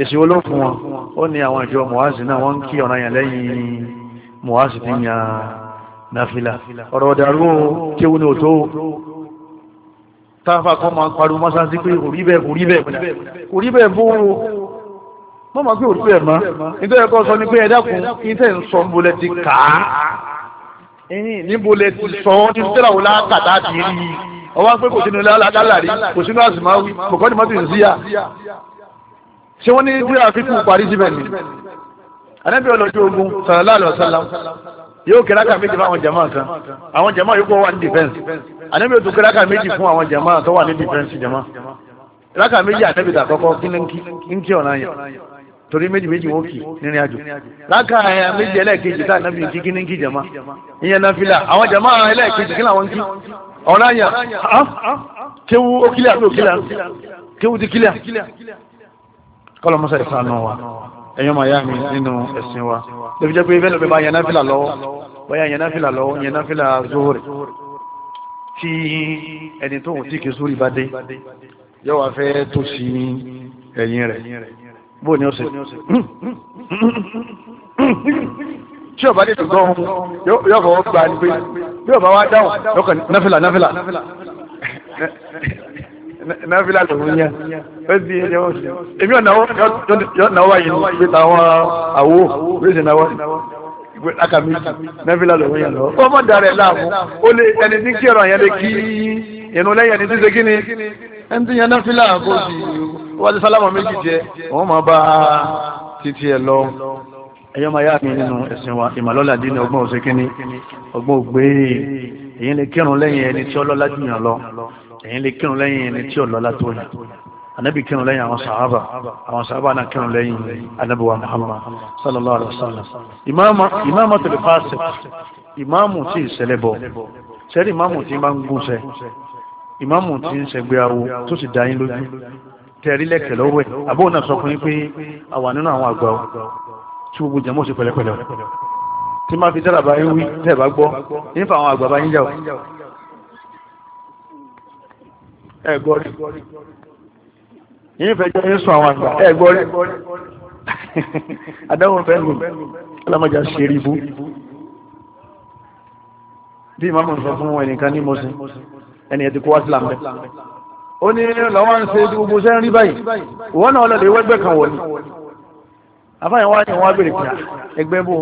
èsì wo ló fún wọn ó ní àwọn ìjọ mùhàzì náà wọ́n ń kí ọ̀ràn yẹn lẹ́yìn mùhàzì ti yan náfìlà ọ̀rọ̀ ọ̀dàrú kéwu ni òtó táfà kan máa pariwo mọ́sánsí pé kò rí bẹ́ẹ̀ kò rí bẹ́ẹ̀ kò rí bẹ́ẹ̀ bóòrò mọ́ máa pé kò rí bẹ́ẹ̀ mọ́ nítorí ẹ̀kọ́ sọ ni pé ẹ dákun iṣẹ́ ń sọ níbo lẹ ti kà á níbo lẹ ti sọ ọ́ ní sílẹ̀ wò lákàtà ti rí ọwọ́ pé kò sínú lálàkálà rí kò sínú àsìmáwí kò kọ́ ni mọ́tò ìsíyà ṣé wọ́n ní bí àfikún parí síbẹ̀ ni ànábì ogun sallallahu alaihi yóò kẹ́ráka méjì fún àwọn jama kan àwọn jama yóò kó wà ní defense ànábì yóò tún kẹ́ráka méjì fún àwọn jama tó wà ní defense jama kẹ́ráka méjì ànábì tà kọ́kọ́ kí ní kí ọ̀nà yẹn torí méjì méjì wọn kì nínú àjò láka eh, méjì ẹlẹ́ẹ̀kejì tá ànábì kí kí ní kí jama ìyẹn náà fìlà àwọn jama ẹlẹ́ẹ̀kejì kí làwọn kí ọ̀nà yẹn kéwu ó kílẹ̀ àbí òkílẹ̀ kéwu ti kílẹ̀ kọ́lọ́ mọ́sá ìfànà wa ẹ̀yọ́ màyá mi nínú ẹ̀sìn wa lóbi jẹ́ pé bẹ́ẹ̀ ló fi bá yanáfìlà lọ́wọ́ bóyá yanáfìlà lọ́wọ́ yanáfìlà zuhuri tí ẹni tó ń tí kì í sórí bá dé yóò wá fẹ́ tó sí ẹ̀yìn rẹ̀ bó ni ó ṣe tí ọba dé dùgbọ́ yóò fọwọ́ gba ni pé bí ọba wa dáhùn náfìlà náfìlà náfìlà lòun yẹn ó di ẹyẹ wọn sí èmi ò náwó yọ náwó ayé ní pé táwọn àwo bí ó ṣe náwó ìwé akamíjì náfìlà yẹn lọ. ọmọ dàrẹ láàmú ó lé ẹni tí kí ọ̀rọ̀ yẹn lè kí inú lẹ́yìn ẹni tí ṣe kí ẹni tí yẹn náfìlà kò sí wọ́n ti sálámọ̀ méjì jẹ òun máa bá títí ẹ lọ ẹyọ́ máa yá mi nínú ẹ̀sìn wa ìmọ̀lọ́lá dín ní ọgbọ́n òṣèkíní ọgbọ́n ògbé èyí lè kírun lẹ́yìn ẹni tí ọlọ́lá jù yàn lọ èyí lè kírun lẹ́yìn ẹni tí ò lọ́lá tó yìí anabi kírun lẹ́yìn àwọn sàhábà àwọn sàhábà náà kírun lẹ́yìn anabi wa muhammad sallallahu alaihi wa sallam ìmáàmù tó lè fásitì ìmáàmù tí ì ṣẹlẹ̀ bọ̀ sẹ́rí ìmáàmù tí bá ń gúnṣẹ́ ìmáàmù tí ń ṣẹgbẹ́ awo tó sì dá yín lójú tẹ̀rí lẹ́kẹ̀ lọ́wọ́ ẹ̀ àbóhùn náà sọ fún yín pé àwa nínú àwọn àgbà ọ tí gbogbo jẹ́ mọ́ọ̀sì pẹ̀lẹ́pẹ̀lẹ́ tí máa fi dára bá yín wí tẹ́ẹ̀ bá gbọ́ àwọn àgbà bá yín jà ẹ̀gọ́rí yìí fẹjọ́ yín sùn àwọn àgbà ẹ̀gọ́rí adáwọn fẹ́ lù ọlọ́mọjà ṣe rí bú bí ìmọ̀ sọ fún ẹnìkan ní mọ́sí ẹni ẹ̀ ti kó wá sí làmẹ́ ó ní lọ́wọ́ ń ṣe gbogbo sẹ́rin rí báyìí wọ́n náà lọ́lẹ̀ wẹ́gbẹ́ kan wọ̀lú afáyàn wá ní wọ́n á bèrè pé ẹgbẹ́ bò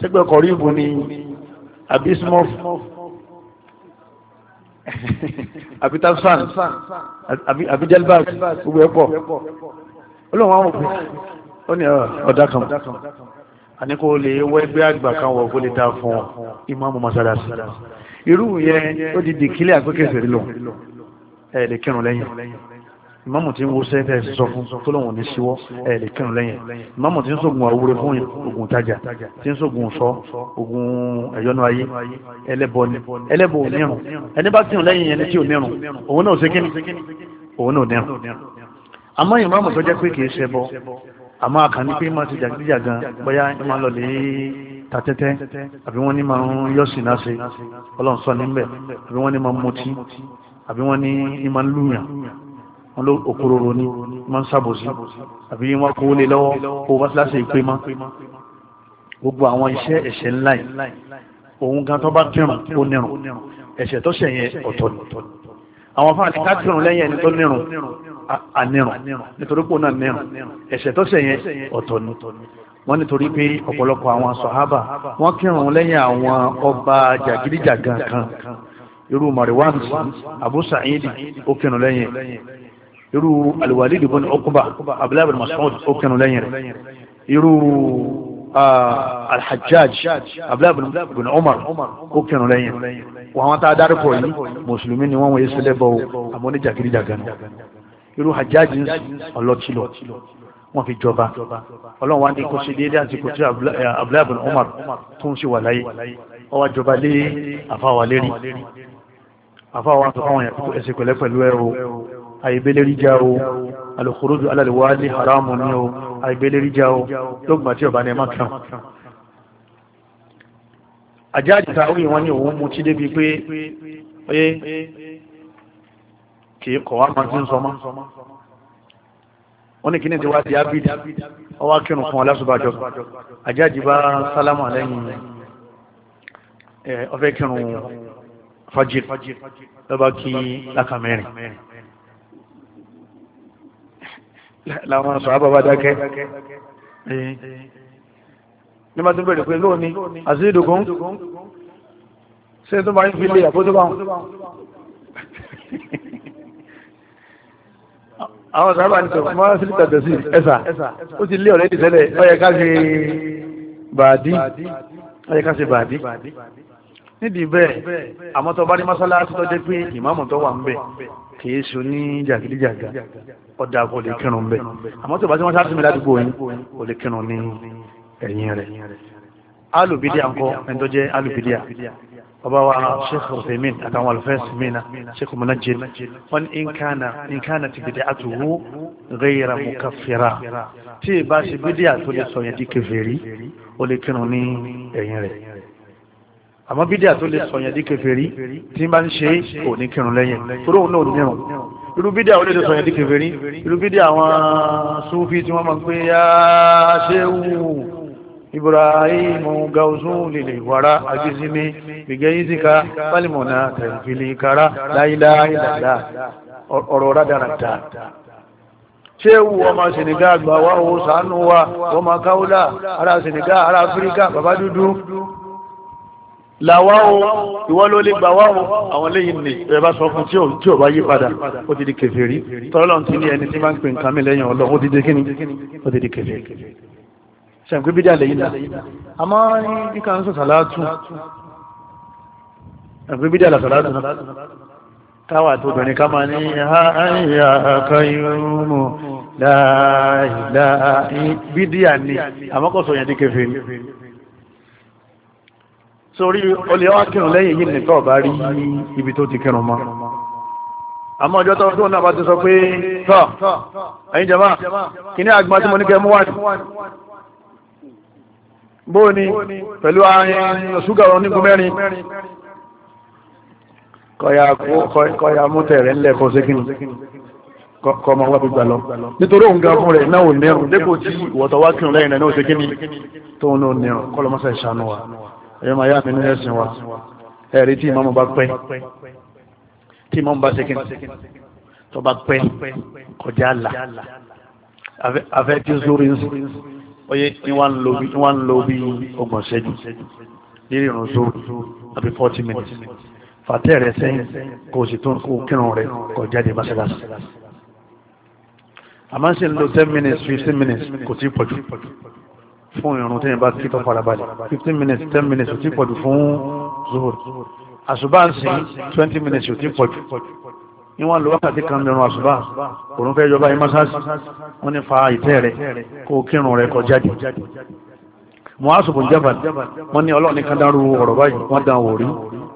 ṣẹgbẹ́ kọ̀rí ìbò ni àbí small àbí tafsan àbí jalbab gbogbo ẹ̀ pọ̀ olóòwò àwọn òfin ó ní ọ̀dà kan àní kò lè wọ ẹgbẹ́ àgbà kan wọ̀ kó lè ta fún ọ ìmáàmù mọ́sálásí irú yẹn ó di dìkílẹ̀ àpékèsè rí lò ẹ̀ lè kírun lẹ́yìn ìmáàmù tí ń wo sẹ́tẹ̀ sọ fún fọlọ́wọ̀n ní síwọ́ ẹ̀ kírun lẹ́yìn ìmáàmù tí ń sògùn àwúre fún ògùn ìtajà tí ń sògùn sọ ògùn ẹ̀yọ́nú ayé ẹlẹ́bọ ni ẹlẹ́bọ onírun ẹni bá kírun lẹ́yìn ẹni tí ò nírun òun náà ò ṣe kíni òun náà ò nírun àmọ́ ìmáàmù tó jẹ́ pé kì í ṣe bọ àmọ́ àkànní pé máa ti jàgídíjà gan bóyá máa lọ lè tatẹ́tẹ́ àbí wọ́n ní máa ń yọ̀sìn náà ṣe ọlọ́run sọ níbẹ̀ àbí wọ́n ní máa mutí àbí wọ́n ní máa ń lùyàn wọn ló òkúròrò ní wọn ń sàbòsí àbí wọn kó lè lọ́wọ́ kó wá síláṣẹ ìpè mọ́ gbogbo àwọn iṣẹ́ ẹ̀ṣẹ̀ ńlá yìí òun gan tó bá kírun ó nírun ẹ̀ṣẹ̀ tó ṣẹ̀ yẹn ọ̀tọ̀ ni àwọn fún àti kákírun lẹ́yìn ẹni tó nírun ànírun nítorí pé òun náà nírun ẹ̀ṣẹ̀ tó ṣẹ̀ yẹn ni wọ́n nítorí pé ọ̀pọ̀lọpọ̀ àwọn sọ̀hábà wọ́n kírun lẹ́yìn àwọn ọba jàgídíjàgan kan irú mariwan abu sa'idi ó kírun lẹ́yìn irú alwalid ibn Uqba abdullahi ibn Mas'ud ó kẹnu lẹ́yìn rẹ̀ irú alhajjaj abdullahi ibn Umar ó kẹnu lẹ́yìn rẹ̀ wọ́n tá a dárúkọ yìí mùsùlùmí ni wọ́n wọ́n yé sílẹ̀ bọ́ àmọ́ ní jàgídí jàgan irú hajjaj ọlọ́tìlọ wọ́n fi jọba ọlọ́run wá ní kó ṣe déédéé àsìkò tí abdullahi ibn Umar tó ń ṣe wà láyé ó wá jọba lé àfáwà lérí àfáwà wọn sọ fáwọn yàtọ̀ ẹsẹ̀ pẹ̀lẹ́pẹ̀lú ẹ̀rọ àìbélérí já o alùkòròdù alàlùwálì haramu ni o àìbélérí já o lọ́gbọ̀n tí ọba ní ẹ̀má kan àjáàjì ta orí wọn ní òun mú tí débi pé oyé kì í kọ̀ wá máa ti ń sọmọ́ wọ́n ní kí ní ti wá di abid ọwá kírun fún ọlásùbàjọ́ àjáàjì bá sálámà lẹ́yìn ọfẹ́ kírun fajir lọ́ba kí lákàmẹ́rin làwọn sọ àbábá dákẹ́ ní bá tún bẹ̀rẹ̀ pé lónìí àzídùgún ṣe tó bá ń fi lè àpótó bá wọn àwọn sábà ní sọ̀rọ̀ máa sílítà tẹ̀sí ẹ̀sà ó ti lé ọ̀rẹ́ ìtẹ́lẹ̀ ó yẹ ká ṣe bàdí ó yẹ bàdí nídìí bẹ́ẹ̀ àmọ́ tó bá ní mọ́sálásí tó jẹ́ pé ìmáàmù tó wà ń bẹ̀ kì í so ní jàgídíjàgà ọ̀dà kò lè kírun bẹ́ẹ̀ àmọ́ tó bá tí mọ́sálásí mi ládùúgbò yín kò lè kírun ní ẹ̀yìn rẹ̀ alùbídíà ńkọ́ ẹni tó jẹ́ alùbídíà bàbá wa sheikh rufemin àtàwọn alufẹ́sì mina sheikh munajjid wọn in kana ti bìdí àtúwò gẹ́yẹ̀rà mukaffira tí ì bá ṣe bídíà tó lè sọ yẹn di kèfèrí ó lè kírun ní ẹ̀yìn rẹ̀ àmọ́ bídíà tó lè sọ̀yàn di kèfèrí tí n bá ń ṣe kò ní kírun lẹ́yìn torí òun náà ò nírun irú bídíà ó lè lè sọ̀yàn di kèfèrí irú bídíà àwọn súnfì tí wọ́n máa ń pè ya ṣéwù ibrahim gauzun lèlè wàrà agizimi gbẹ̀gẹ́yìnzíka pálímọ̀nà tẹ̀fìlìkara láìláìlàdà ọ̀rọ̀ rádaràdà ṣéwù ọmọ Senegal gbà wá owó sànú wa ọmọ káúlà ará Senegal ará Áfíríkà bàbá dúdú làwa o ìwọ ló lè gbà wá o àwọn lẹ́yìn ni ẹ bá sọ fún tí ò tí ò bá yí padà ó ti di kèfèrí tọ́lọ́n ti ní ẹni tí máa ń pè nǹkan mi lẹ́yìn ọlọ́run ó ti di kíni ó ti di kèfèrí sẹ̀ǹkú bídà lẹ́yìn náà àmọ́ nǹkan ń sọ sàlátù sẹ̀ǹkú bídà là sàlátù náà káwà tó bẹ̀rẹ̀ ká máa ní ha ayà kayúmù láàrín bídíà ni àmọ́kọ̀sọ̀ yẹn di kèfèrí sórí olè wá kírun lẹ́yìn yìí nìkan ọ̀bá rí ibi tó ti kírun mọ́ àmọ́ ọjọ́ tọ́wọ́ tó náà bá ti sọ pé tọ́ ẹ̀yin jàmá kí ní àgbà tí mo ní kẹ́ mú wà ní bóò ni pẹ̀lú ààrin ṣúgà ọ̀rọ̀ nígun mẹ́rin kọ̀yà mú tẹ̀rẹ̀ ńlẹ̀ kọ́ sí kọ́ ọmọ wá gbígbà lọ nítorí òun ga fún rẹ̀ náà ò nírun dépò tí ìwọ̀tọ̀ wá kírun lẹ́yìn rẹ̀ náà ò sí tóun náà nírun kọ́lọmọ́sà ìṣàánú wa ẹ̀yọ́ máa yá mi ní ẹ̀sìn wa ẹ̀rí tí ìmọ̀mù bá pẹ́ tí ìmọ̀mù bá sekin tó bá pẹ́ kọjá àlà afẹ́ tí ó sórí oyé ní wá ń lo bí ọgbọ̀n ṣẹ́jú lérí ìrùn sórí àbí 40 minutes fàtẹ́ rẹ̀ sẹ́yìn kò sì tún kó kírun rẹ̀ kọjá dé mọ́ṣáláṣí àmọ́ sì ń lo 10 minutes 15 minutes kò tí pọ̀jù fún ìrun tí yẹn bá kí tó farabalẹ̀ fifteen minutes ten minutes ò tí pọ̀jù fún zuhur àṣùbà ń sìn twenty minutes ò tí pọ̀jù níwọ̀n lọ wákàtí kan lẹ́nu àṣùbà òun fẹ́ jọba yín mọ́sáàsì wọ́n ní fa ìtẹ́ rẹ̀ kó kírun rẹ̀ kọjá dé muhasu bun jabal wọ́n ní ọlọ́ọ̀ni kan dárú ọ̀rọ̀ báyìí wọ́n dán wò rí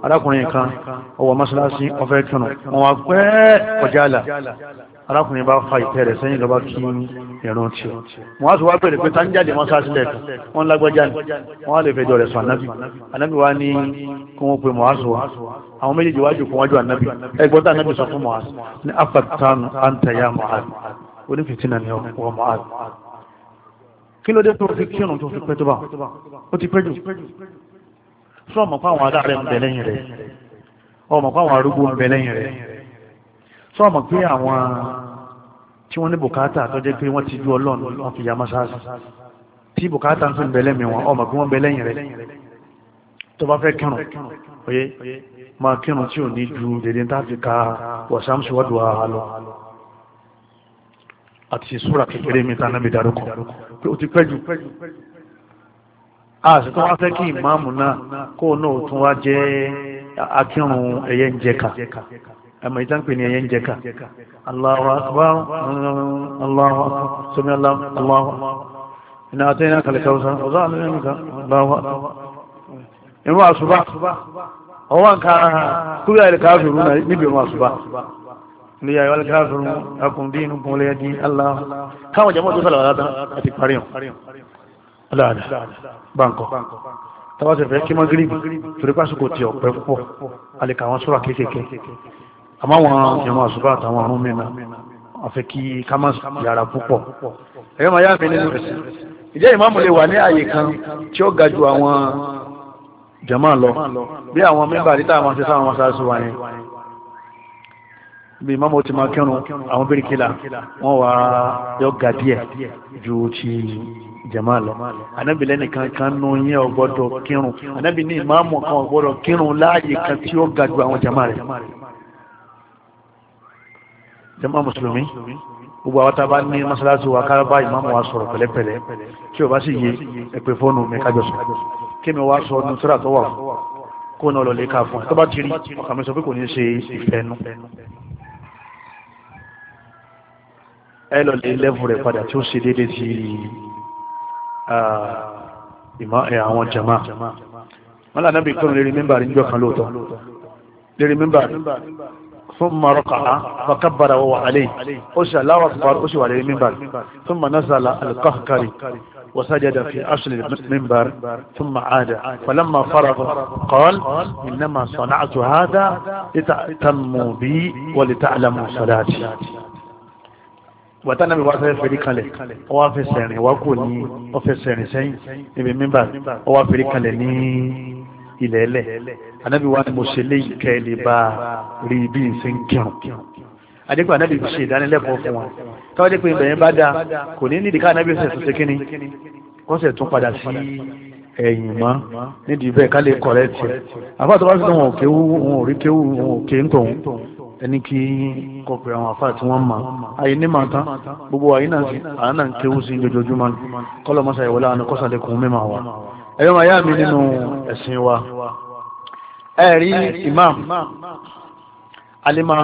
arákùnrin kan ọwọ́ mọ́sálásí ọ̀fẹ́ kírun wọn wá pẹ́ kọjá arákùnrin bá fa ìtẹ́ rẹ̀ sẹ́yìn lọ́ba kí ìrún tí ó wọ́n á tún wá bèrè pé ta ń jáde wọ́n sáà sílẹ̀ wọ́n lágbájá ni wọ́n á lè fẹjọ́ rẹ̀ sọ ànábì ànábì wa ní kí wọ́n pe mọ̀ásù wa àwọn méjèèjì wájú kún wájú ànábì ẹgbọ́n tá ànábì sọ fún mọ̀ásù ní afatanu antaya mọ̀ásù onífìtínà ni ọwọ́ mọ̀ásù kí ló dé tó fi kírun tó fi pẹ́ tó bá ó ti pẹ́ jù sọ́ọ̀mọ̀ fáwọn adáàrẹ̀ ń bẹ lẹ́yìn rẹ̀ ọmọ fáwọn arúgbó ń bẹ lẹ́yìn rẹ̀ sọ mọ̀ pé àwọn tí wọ́n ní bùkátà tó jẹ́ pé wọ́n ti ju ọlọ́run wọn fi ya mọ́ṣáàsì tí bùkátà ń fi bẹ̀lẹ̀ mi wọn ọmọ bí wọ́n bẹ̀lẹ̀ yìn rẹ̀ tó bá fẹ́ kírun oyé máa kírun tí ò ní ju dèdè tá fi ka wọ̀ṣámsì wọ́dù wa lọ àti súra kékeré mi tá náà mi darúkọ pé ó ti pẹ́ jù a sì tún wá fẹ́ kí ìmáàmù náà kó náà tún wá jẹ́ akírun ẹ̀yẹ ń jẹ́ka ẹmọ ìtàn pè ní ẹyẹ ń jẹka Allahu akbar Allahu akbar sọmi Allahu iná àti iná kàlẹ̀ kàwùsà ọ̀zọ́ àlẹ́ nìkan Allahu akbar ìrú àṣùbá ọwọ́ nǹkan kúrò ilẹ̀ káàfìrú níbi ìrú àṣùbá ní ayọ́ ilẹ̀ káàfìrú akùndín kúnlẹ̀ ẹ̀dí Allahu káwọn jẹ́mọ́ tó sọ̀rọ̀ aláta àti parí hàn aláàdá báńkọ̀ tàbátẹ̀fẹ́ kí mọ́ gírígì torípásùkò ti ọ̀pẹ́ púpọ̀ alẹ́kà àwọn sọ́rọ̀ kéékèèké àmọ́ àwọn ìrìn àṣùgbà àtàwọn ọ̀run mìíràn àfẹ́ kí kámá yàrá púpọ̀ ẹ̀yọ́ máa yá mi nínú ẹ̀sìn ìjẹ́ ìmáàmù lè wà ní àyè kan tí ó ga ju àwọn jàmá lọ bí àwọn mẹ́bà níta àwọn ṣe sáwọn masáàsù wa yẹn bí ìmáàmù ti máa kírun àwọn bíríkìlà wọ́n wà yọ ga díẹ̀ ju ti jàmá lọ anábì lẹ́nìkan kan nù yẹn ò gbọ́dọ̀ kírun anábì ní ìmáàmù kan ò gbọ́dọ̀ kírun láàyè kan tí ó ga ju àwọn jàmá rẹ̀ jàmá mùsùlùmí gbogbo àwọn tá a bá ní mọ́sálásí wa ká bá ìmáàmù wa sọ̀rọ̀ pẹ̀lẹ́pẹ̀lẹ́ tí o bá sì yé ẹ̀pẹ̀ fóònù mi kájọ sọ kí mi wá sọ ọdún tíra tó wà fún kó náà lọ lè ká fún tó bá ti rí ọkà mi sọ pé kò ní ṣe ìfẹ́ nu ẹ lọ lè lẹ́fù rẹ̀ padà tí ó ṣe déédéé ti àwọn jàmá wọn lànà bí kọ́nù lérí mẹ́mbà rí níjọ́ kan lóòótọ́ lérí mẹ́mbà rí ثم رقع فكبر وهو عليه أشى لا أكبر أشى عليه المنبر ثم نزل القهقري وسجد في أصل المنبر ثم عاد فلما فرغ قال إنما صنعت هذا لتأتموا بي ولتعلموا صلاتي wàtánà mi wá fẹ́ fèrè kalẹ̀ ọ wá fẹ́ sẹ̀rìn wá kò ní ọ fẹ́ sẹ̀rìn sẹ́yìn níbi mímbà ọ wá fèrè kalẹ̀ ní anabi wa ni mo ṣe lé ìkẹ́ lè bá rí bí n ṣe ń kírun àdékò anabi fi ṣe ìdánilẹ́kọ̀ọ́ fún wa káwọn jẹ́ pé ibẹ̀ yẹn bá da kò ní nídìí ká anabi ṣe ṣe kíni wọ́n sì tún padà sí ẹ̀yìn mọ́ nídìí bẹ́ẹ̀ ká lè kọ̀rẹ́ tiẹ̀ àfa tó bá sì wọn ò kéwú wọn ò rí kéwú wọn ò ké ń tòun ẹni kí kọ̀pẹ̀ àwọn àfa tí wọ́n mọ̀ ayé ní màá tán gbogbo àyè náà sí àá náà ń kéwú sí lójoojúmọ́ kọ́lọ́ mọ́sá àwọn kọ́sàlẹ̀kùn mímọ́ wa ẹ̀yọ́ màá yá mi nínú ẹ̀sìn wa ẹ̀rí imam alima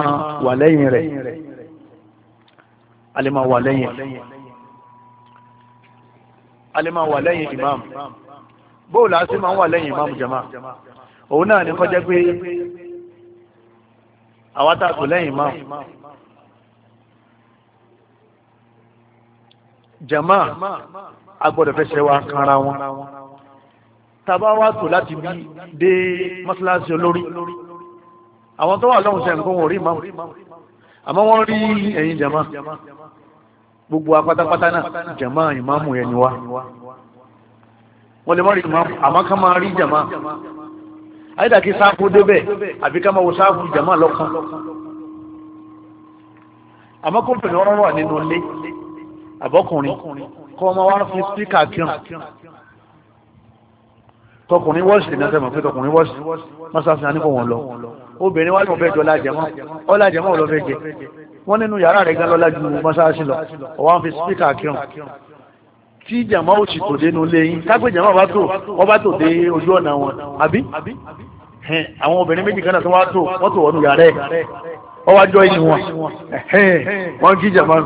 wà lẹ́yìn rẹ̀ alima imam bóòlù àti ma wà lẹ́yìn imam jama òun náà ní kọjá pé àwọn lẹ́yìn imam jama agbọ́dọ̀ fẹsẹ̀ kara kanra wọn. tàbá wá tò láti bí dé mọ́sálásí olórí àwọn tó wà lọ́hùn sẹ́yìn kó wọn rí ìmáàmù àmọ́ wọ́n rí ẹ̀yìn jàmá gbogbo apátápátá náà jàmá ìmáàmù yẹn ni wá wọ́n lè má rí ìmáàmù àmọ́ ká máa rí jàmá ayédàkí sáàkú débẹ̀ àbí ká máa wo sáàkú jàmá lọ́kàn àmọ́ kó pẹ̀lú ọ̀rọ̀ wà nínú ilé àbọ́kùnrin kọ́ ọmọ wa fi spíkà kírun tọkùnrin wọ́ọ̀sì náà sẹ́mọ̀ pé tọkùnrin wọ́ọ̀sì mọ́sáàsì náà nípò wọn lọ obìnrin wá ní ọbẹ̀ jọ lájẹmọ́ ọlájẹmọ́ ọlọ́fẹ́ jẹ wọ́n nínú yàrá rẹ̀ gan lọ́lá ju mọ́sáàsì lọ ọwọ́ fi spíkà kírun tí jàmọ́ ò sì tò dénú léyìn kápé jàmọ́ bá tò wọ́n bá tò dé ojú ọ̀nà wọn àbí àwọn obìnrin méjì kan náà tó wá tò wọ́n tò wọnú yàrá ẹ̀ ọwọ́ àjọ ìyìn wọn wọ́n kí jàmọ́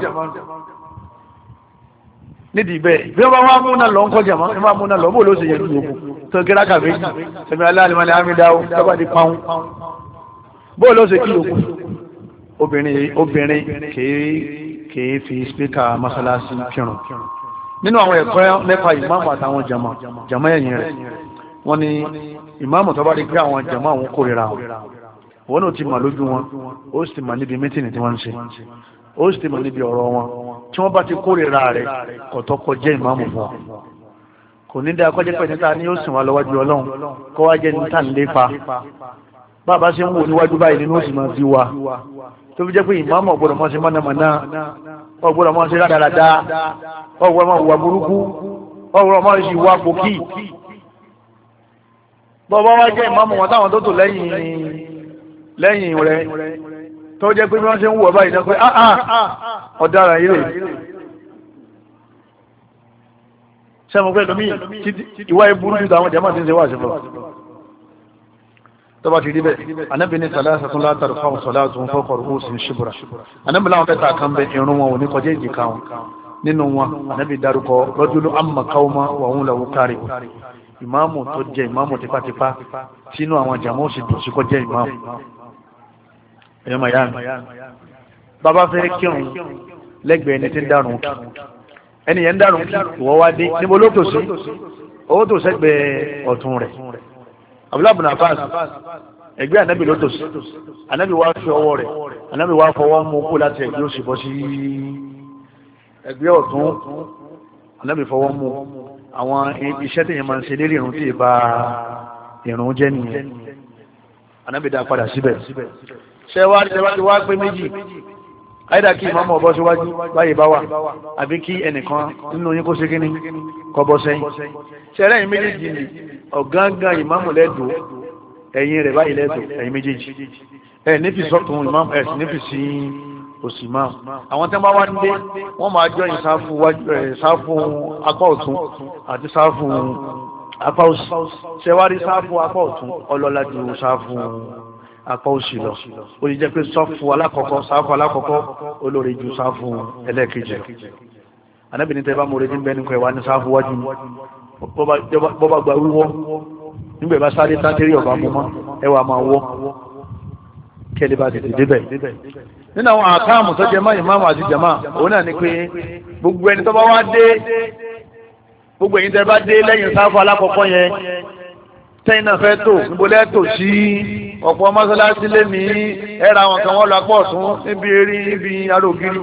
nídìí bẹ́ẹ̀ bí wọ́n bá wá múná lọ ń kọjá mọ́ ẹ máa múná lọ bó ló ṣe yẹ kí yòókù tó kíra kàfé ẹ̀mí aláàlímọ́ ni ámì dáwó dábàá di pàun bó ló ṣe kí yòókù obìnrin obìnrin kìí kìí fi spíkà mọ́sálásí kírun nínú àwọn ẹ̀kọ́ nípa ìmáàmù àtàwọn jàmá jàmá ẹ̀yìn rẹ̀ wọ́n ní ìmáàmù tó bá rí pé àwọn jàmá àwọn kórìíra wọn wọn ò ti mà lójú wọn ó sì mà níbi mítìnì tí wọ́n ń ṣe ó sì mà níbi ọ̀rọ̀ wọn tí wọ́n bá ti kórìíra rẹ̀ kọ̀tọ́ kọjá ìmáàmù fún ọ kò ní dáa kọjá pẹ̀lú níta ni yóò sìn wá lọ́wọ́jú ọlọ́run kọ́ wá jẹ́ níta nílépa bàbá ṣe ń wò níwájú báyìí nínú òsì máa fi wa tó fi jẹ́ pé ìmáàmù ọ̀gbọ́dọ̀ máa ṣe mọ́nàmọ́ná ọ̀gbọ́dọ̀ máa ṣe rádaràda ọ̀gbọ́dọ̀ máa wà burúkú ọ̀gbọ́dọ̀ máa ṣe wà pòkì bọ́ọ̀ bá wá jẹ́ ìmáàmù wọn táwọn tó tò lẹ́yìn lẹ́yìn rẹ̀ tó jẹ́ pé wọ́n ṣe ń wọ̀ báyìí náà pé ah, ah, ah, ọ̀daràn yìí rè sẹ́mu pé lómi ìwà ìburú ju àwọn jàmáà ti ń ṣe wá sí fún tọba ti rí bẹ́ẹ̀ anábì ní sàlásà tún látàrí fáwọn sọlá tún fọ́kọ̀ rúkú sí ṣubúra anábì láwọn fẹ́ta kan bẹ irun wọn ò ní kọjá ìjìká wọn nínú wọn anábì dárúkọ rọ́júlú amakawma wà ń lọ wúkárì ìmáàmù tó jẹ ìmáàmù tipátipá sínú àwọn ẹ̀yọ́ màá yá mi bàbá fẹ́ kírun lẹ́gbẹ̀ẹ́ ẹni tí ń dàrún kí ẹni yẹn ń dàrún kí ìwọ́ wá dé níbo ló tòsí owó tòsí ẹgbẹ́ ọ̀tún rẹ̀ abúlábùnà fáàs ẹgbẹ́ ànábì ló tòsí ànábì wá fi ọwọ́ rẹ̀ ànábì wá fọwọ́ mú kó láti ẹgbẹ́ òsì bọ́ sí ẹgbẹ́ ọ̀tún ànábì fọwọ́ mú àwọn iṣẹ́ tí yẹn máa ń ṣe lérí ìrùn tí ì bá ìrùn jẹ́ nìyẹn ànábì dá padà síbẹ̀ ṣẹ́wárí ṣẹ́wárí wá pé méjì àyídà kí ìmọ̀mọ̀ ọ̀bọ̀ síwájú báyìí bá wà àbí kí ẹnìkan nínú yín kó ṣégin ní kọ́bọ̀ sẹ́yìn ṣẹlẹ̀ yìí méjèèjì ni ọ̀gángan ìmọ̀mù lẹ́dùn ẹ̀yìn rẹ̀ báyìí lẹ́dùn ẹ̀yìn méjèèjì ẹ̀ nífi sọ́tún ìmọ̀mù ẹ̀ sì nífi sí òsì máa àwọn tí wọ́n wá dé wọ́n máa jọ yìí sáfù apá ọ̀tún àti sáfù apá òsì ṣẹwárí sáfù apá ọ̀tún ọlọ́lá ju sáfù apá òsì lọ ó lè jẹ́ pé sọ́fù alákọ̀ọ́kọ́ sáfù alákọ̀ọ́kọ́ olórí ju sáfù ẹlẹ́ẹ̀kejì anábìíní tẹ́ bá mọ̀rẹ́ nígbẹ́ nìkan ìwà ní sáfù wájú bọ́ bá gba wíwọ́ nígbà bá sáré tátẹ́rì ọ̀bá mọ́mọ́ ẹwà máa wọ́ kẹ́lẹ́ bá tètè débẹ̀ nínú àwọn àkáàmù tó jẹ máa ìmáàmù àti jàmá òun náà ni pé gbogbo ẹni tó bá wá dé gbogbo ẹ̀yin tẹ́ bá dé lẹ́yìn sáfù alákọ̀ọ́kọ́ yẹn tẹ́yìn náà fẹ́ tò níbo lẹ́tò sí ọ̀pọ̀ mọ́sálásí lémi ẹ̀rọ àwọn kan wọ́n lọ apọ̀ tún níbi eré níbi arógiri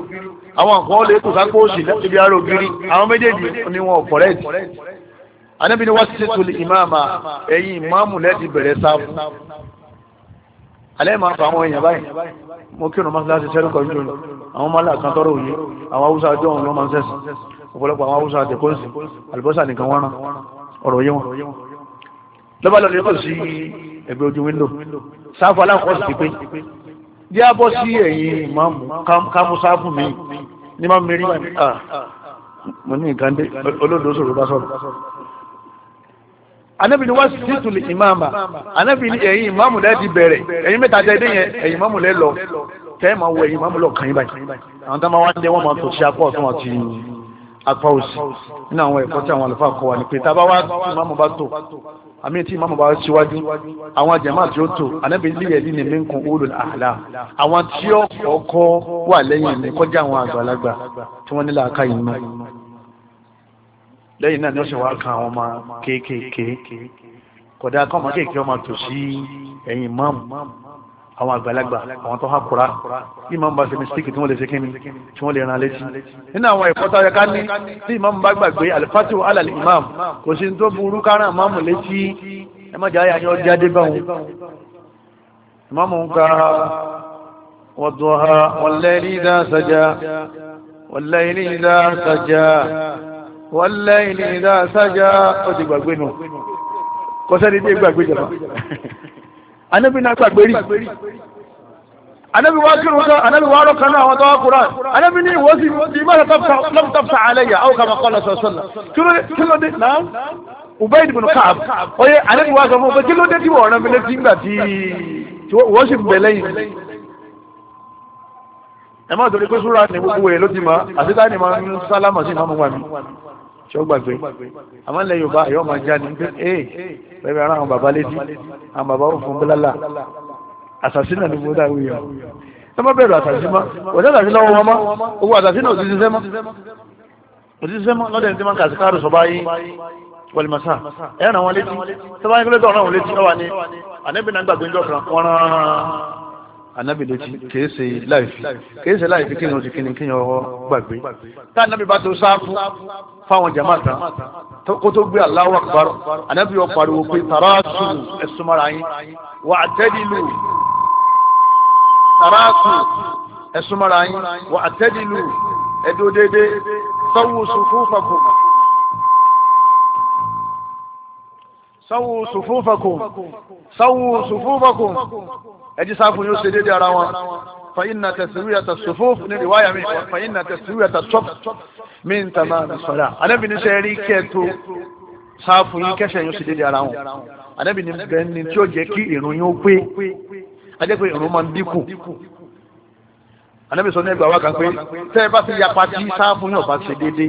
àwọn kan lè tò sápò òsì níbi arógiri àwọn méjèèjì ni wọn ò kọ̀rẹ́ẹ̀tì anábì ni wọ́n ti ṣètò ìmáàmà ẹ̀yìn ìmáàmù lẹ́ẹ̀dì bẹ̀rẹ̀ sáfù alẹ́ máa fa àwọn èèyàn báyìí mo kírun mọ́sálásí sẹ́rùkọ ìjọ àwọn mọ́lá kan tọrọ òye àwọn haúsá ọjọ́ òun ló máa ń sẹ́sìn ọ̀pọ̀lọpọ̀ àwọn haúsá àtẹ̀kọ́sì àlùbọ́sà nìkan wọ́n rán ọ̀rọ̀ yé lọ́ba lọ́ọ́ ní kò sí ẹgbẹ́ ojú wíńdò sáfù aláǹkọ́sì ti pé bí a bọ́ sí ẹ̀yìn ìmáàmù kámú sáfù mi ní máa mérí mo ní nǹkan dé olóòdó sọ̀rọ̀ bá sọ̀rọ̀ anabi ni wá sí tùlù ìmáàmà anabi ni ẹ̀yìn ìmáàmù lẹ́ ti bẹ̀rẹ̀ ẹ̀yìn mẹ́ta tẹ́ dé yẹn ẹ̀yìn ìmáàmù lẹ́ lọ tẹ́ máa wọ ẹ̀yìn ìmáàmù lọ kàn yín báyìí àwọn táwọn afáwùsì nínú àwọn ẹ̀kọ́ tí àwọn àlùfáà kọ́ wa ni pé tábà wá ìmáàmù bá tò àmì tí ìmáàmù bá síwájú àwọn jàmáà tí ó tò ànábì níyẹ̀ ní ní minkum ulul ahlam àwọn tí ó kọ́kọ́ wà lẹ́yìn mi kọjá àwọn àgbàlagbà tí wọ́n nílò àká yìí mọ́ lẹ́yìn náà ni ó sì wá kan àwọn ọmọ kéékèèké kódà kọ́ ọmọ ọmọ tò sí ẹ̀yìn máàmù àwọn àgbàlagbà àwọn tó hàkúrá bí màá bá ṣe mistake tí wọ́n lè ṣe kíni tí wọ́n lè ran létí nínú àwọn ẹ̀kọ́ tó yẹ ká ní tí imam bá gbàgbé alifati wa alali imam kò sí tó burú kárán imam létí ẹ má jà yàyàn jáde báwọn imam ń ka wàdùnhà wàlẹ́yìn ìdá sàjà wàlẹ́yìn ìdá sàjà wàlẹ́yìn ìdá sàjà ó ti gbàgbé nù kọ́sẹ́ni tí gbàgbé jọba. anábì náà gbàgbé rí anábì wá kírun tán anábì wá rọ̀ kan náà àwọn tọ́wọ́ kúrán anábì ní ìwọ sí ti má lọ́tọ́fà àlẹ́yà àwọn kàmá kọ́ lọ́sọ̀ sọ́nà kí ló dé náà Ubay ibn Ka'b oye anábì wá sọ fún pé kí ló dé tí wọ́n rán mi létí ńgbà tí wọ́n sì bẹ̀ lẹ́yìn ẹ má torí pé súra ní gbogbo ẹ̀ ló ti mọ àti táyà ní ma ń sálámà sí ìmáàmù wa mi tí ó gbàgbé àmọ́ ilẹ̀ yorùbá yóò máa já ní pé ee bẹ́ẹ̀ ara àwọn bàbá létí àwọn bàbá ó fún bílálà àṣàṣì náà ni mo dá ìwé yẹn ẹ má bẹ̀rù àṣàṣì mọ́ òjò àṣàṣì lọ́wọ́ wọn mọ́ owó àṣàṣì náà ò ti ṣiṣẹ́ mọ́ ò ti ṣiṣẹ́ mọ́ lọ́dẹ̀ tí wọ́n kà sí káàdù sọ́bá yín wọlìmọ̀sá ẹ̀ràn wọn létí sọ́bá yín kí ló dọ̀ wọn létí ọ anabi ló ti kìí ṣe láìfi kìí ṣe láìfi kí wọn ti kí ni kí wọn gbàgbé tá anabi bá tó sáfù fáwọn jama tán kó tó gbé Allahu Akbar anabi yóò pariwo pé tàràtù ẹ̀sùnmọ́ra yín wà á tẹ́lílù tàràtù ẹ̀sùnmọ́ra yín wà á tẹ́lílù ẹ̀dọ́ déédéé sọ́wọ́ sùn fún sawu sufufakum sawu sufufakum ẹjí sáfù yóò ṣe déédéé ara wọn fa inna taswiyata sufuf ní riwaya mi fa inna taswiyata sọf min tamam as-salah anabi ní sẹ rí kẹtù sáfù yín kẹsẹ yóò ṣe déédéé ara wọn anabi ní bẹ́ẹ̀ ni tí ó jẹ́ kí ìrun yóò pé ajẹ́ pé ìrun máa ń dínkù anabi sọ ní ẹgbàá wa kan pé tẹ́ ẹ bá ti yapa tí sáfù yín ọ̀bá ṣe déédéé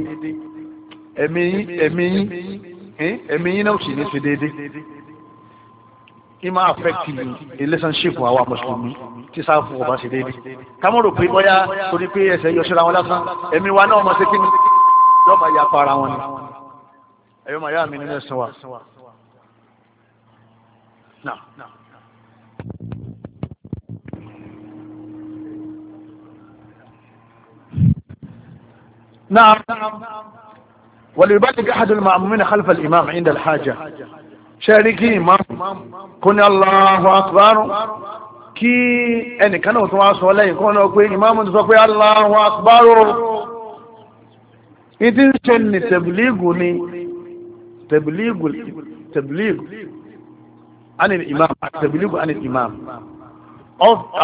ẹ̀mí ẹ̀mí yín ẹ̀mí yín náà sì ní ṣe déédéé ní máa affect wa àwa mùsùlùmí tí sáfù ọba ṣe déédéé kámọ́ rò pé bóyá torí pé ẹsẹ̀ yọ wọn lásán ẹ̀mí wa náà mọ̀ sí kí ni yóò máa yapa ara wọn ni ẹ̀yọ́ máa yá mi nínú ẹ̀sìn wa. Naam. Naam. وليبلغ أحد المأمومين خلف الإمام عند الحاجة شاركي إمام كن الله أكبر kí ẹnìkan náà tó wá sọ lẹ́yìn kọ́ náà pé ìmáàmù ti sọ pé Allahu Akbar ìdí ń ṣe ní tẹ̀bílígù ni tẹ̀bílígù tẹ̀bílígù anil imam tẹ̀bílígù anil imam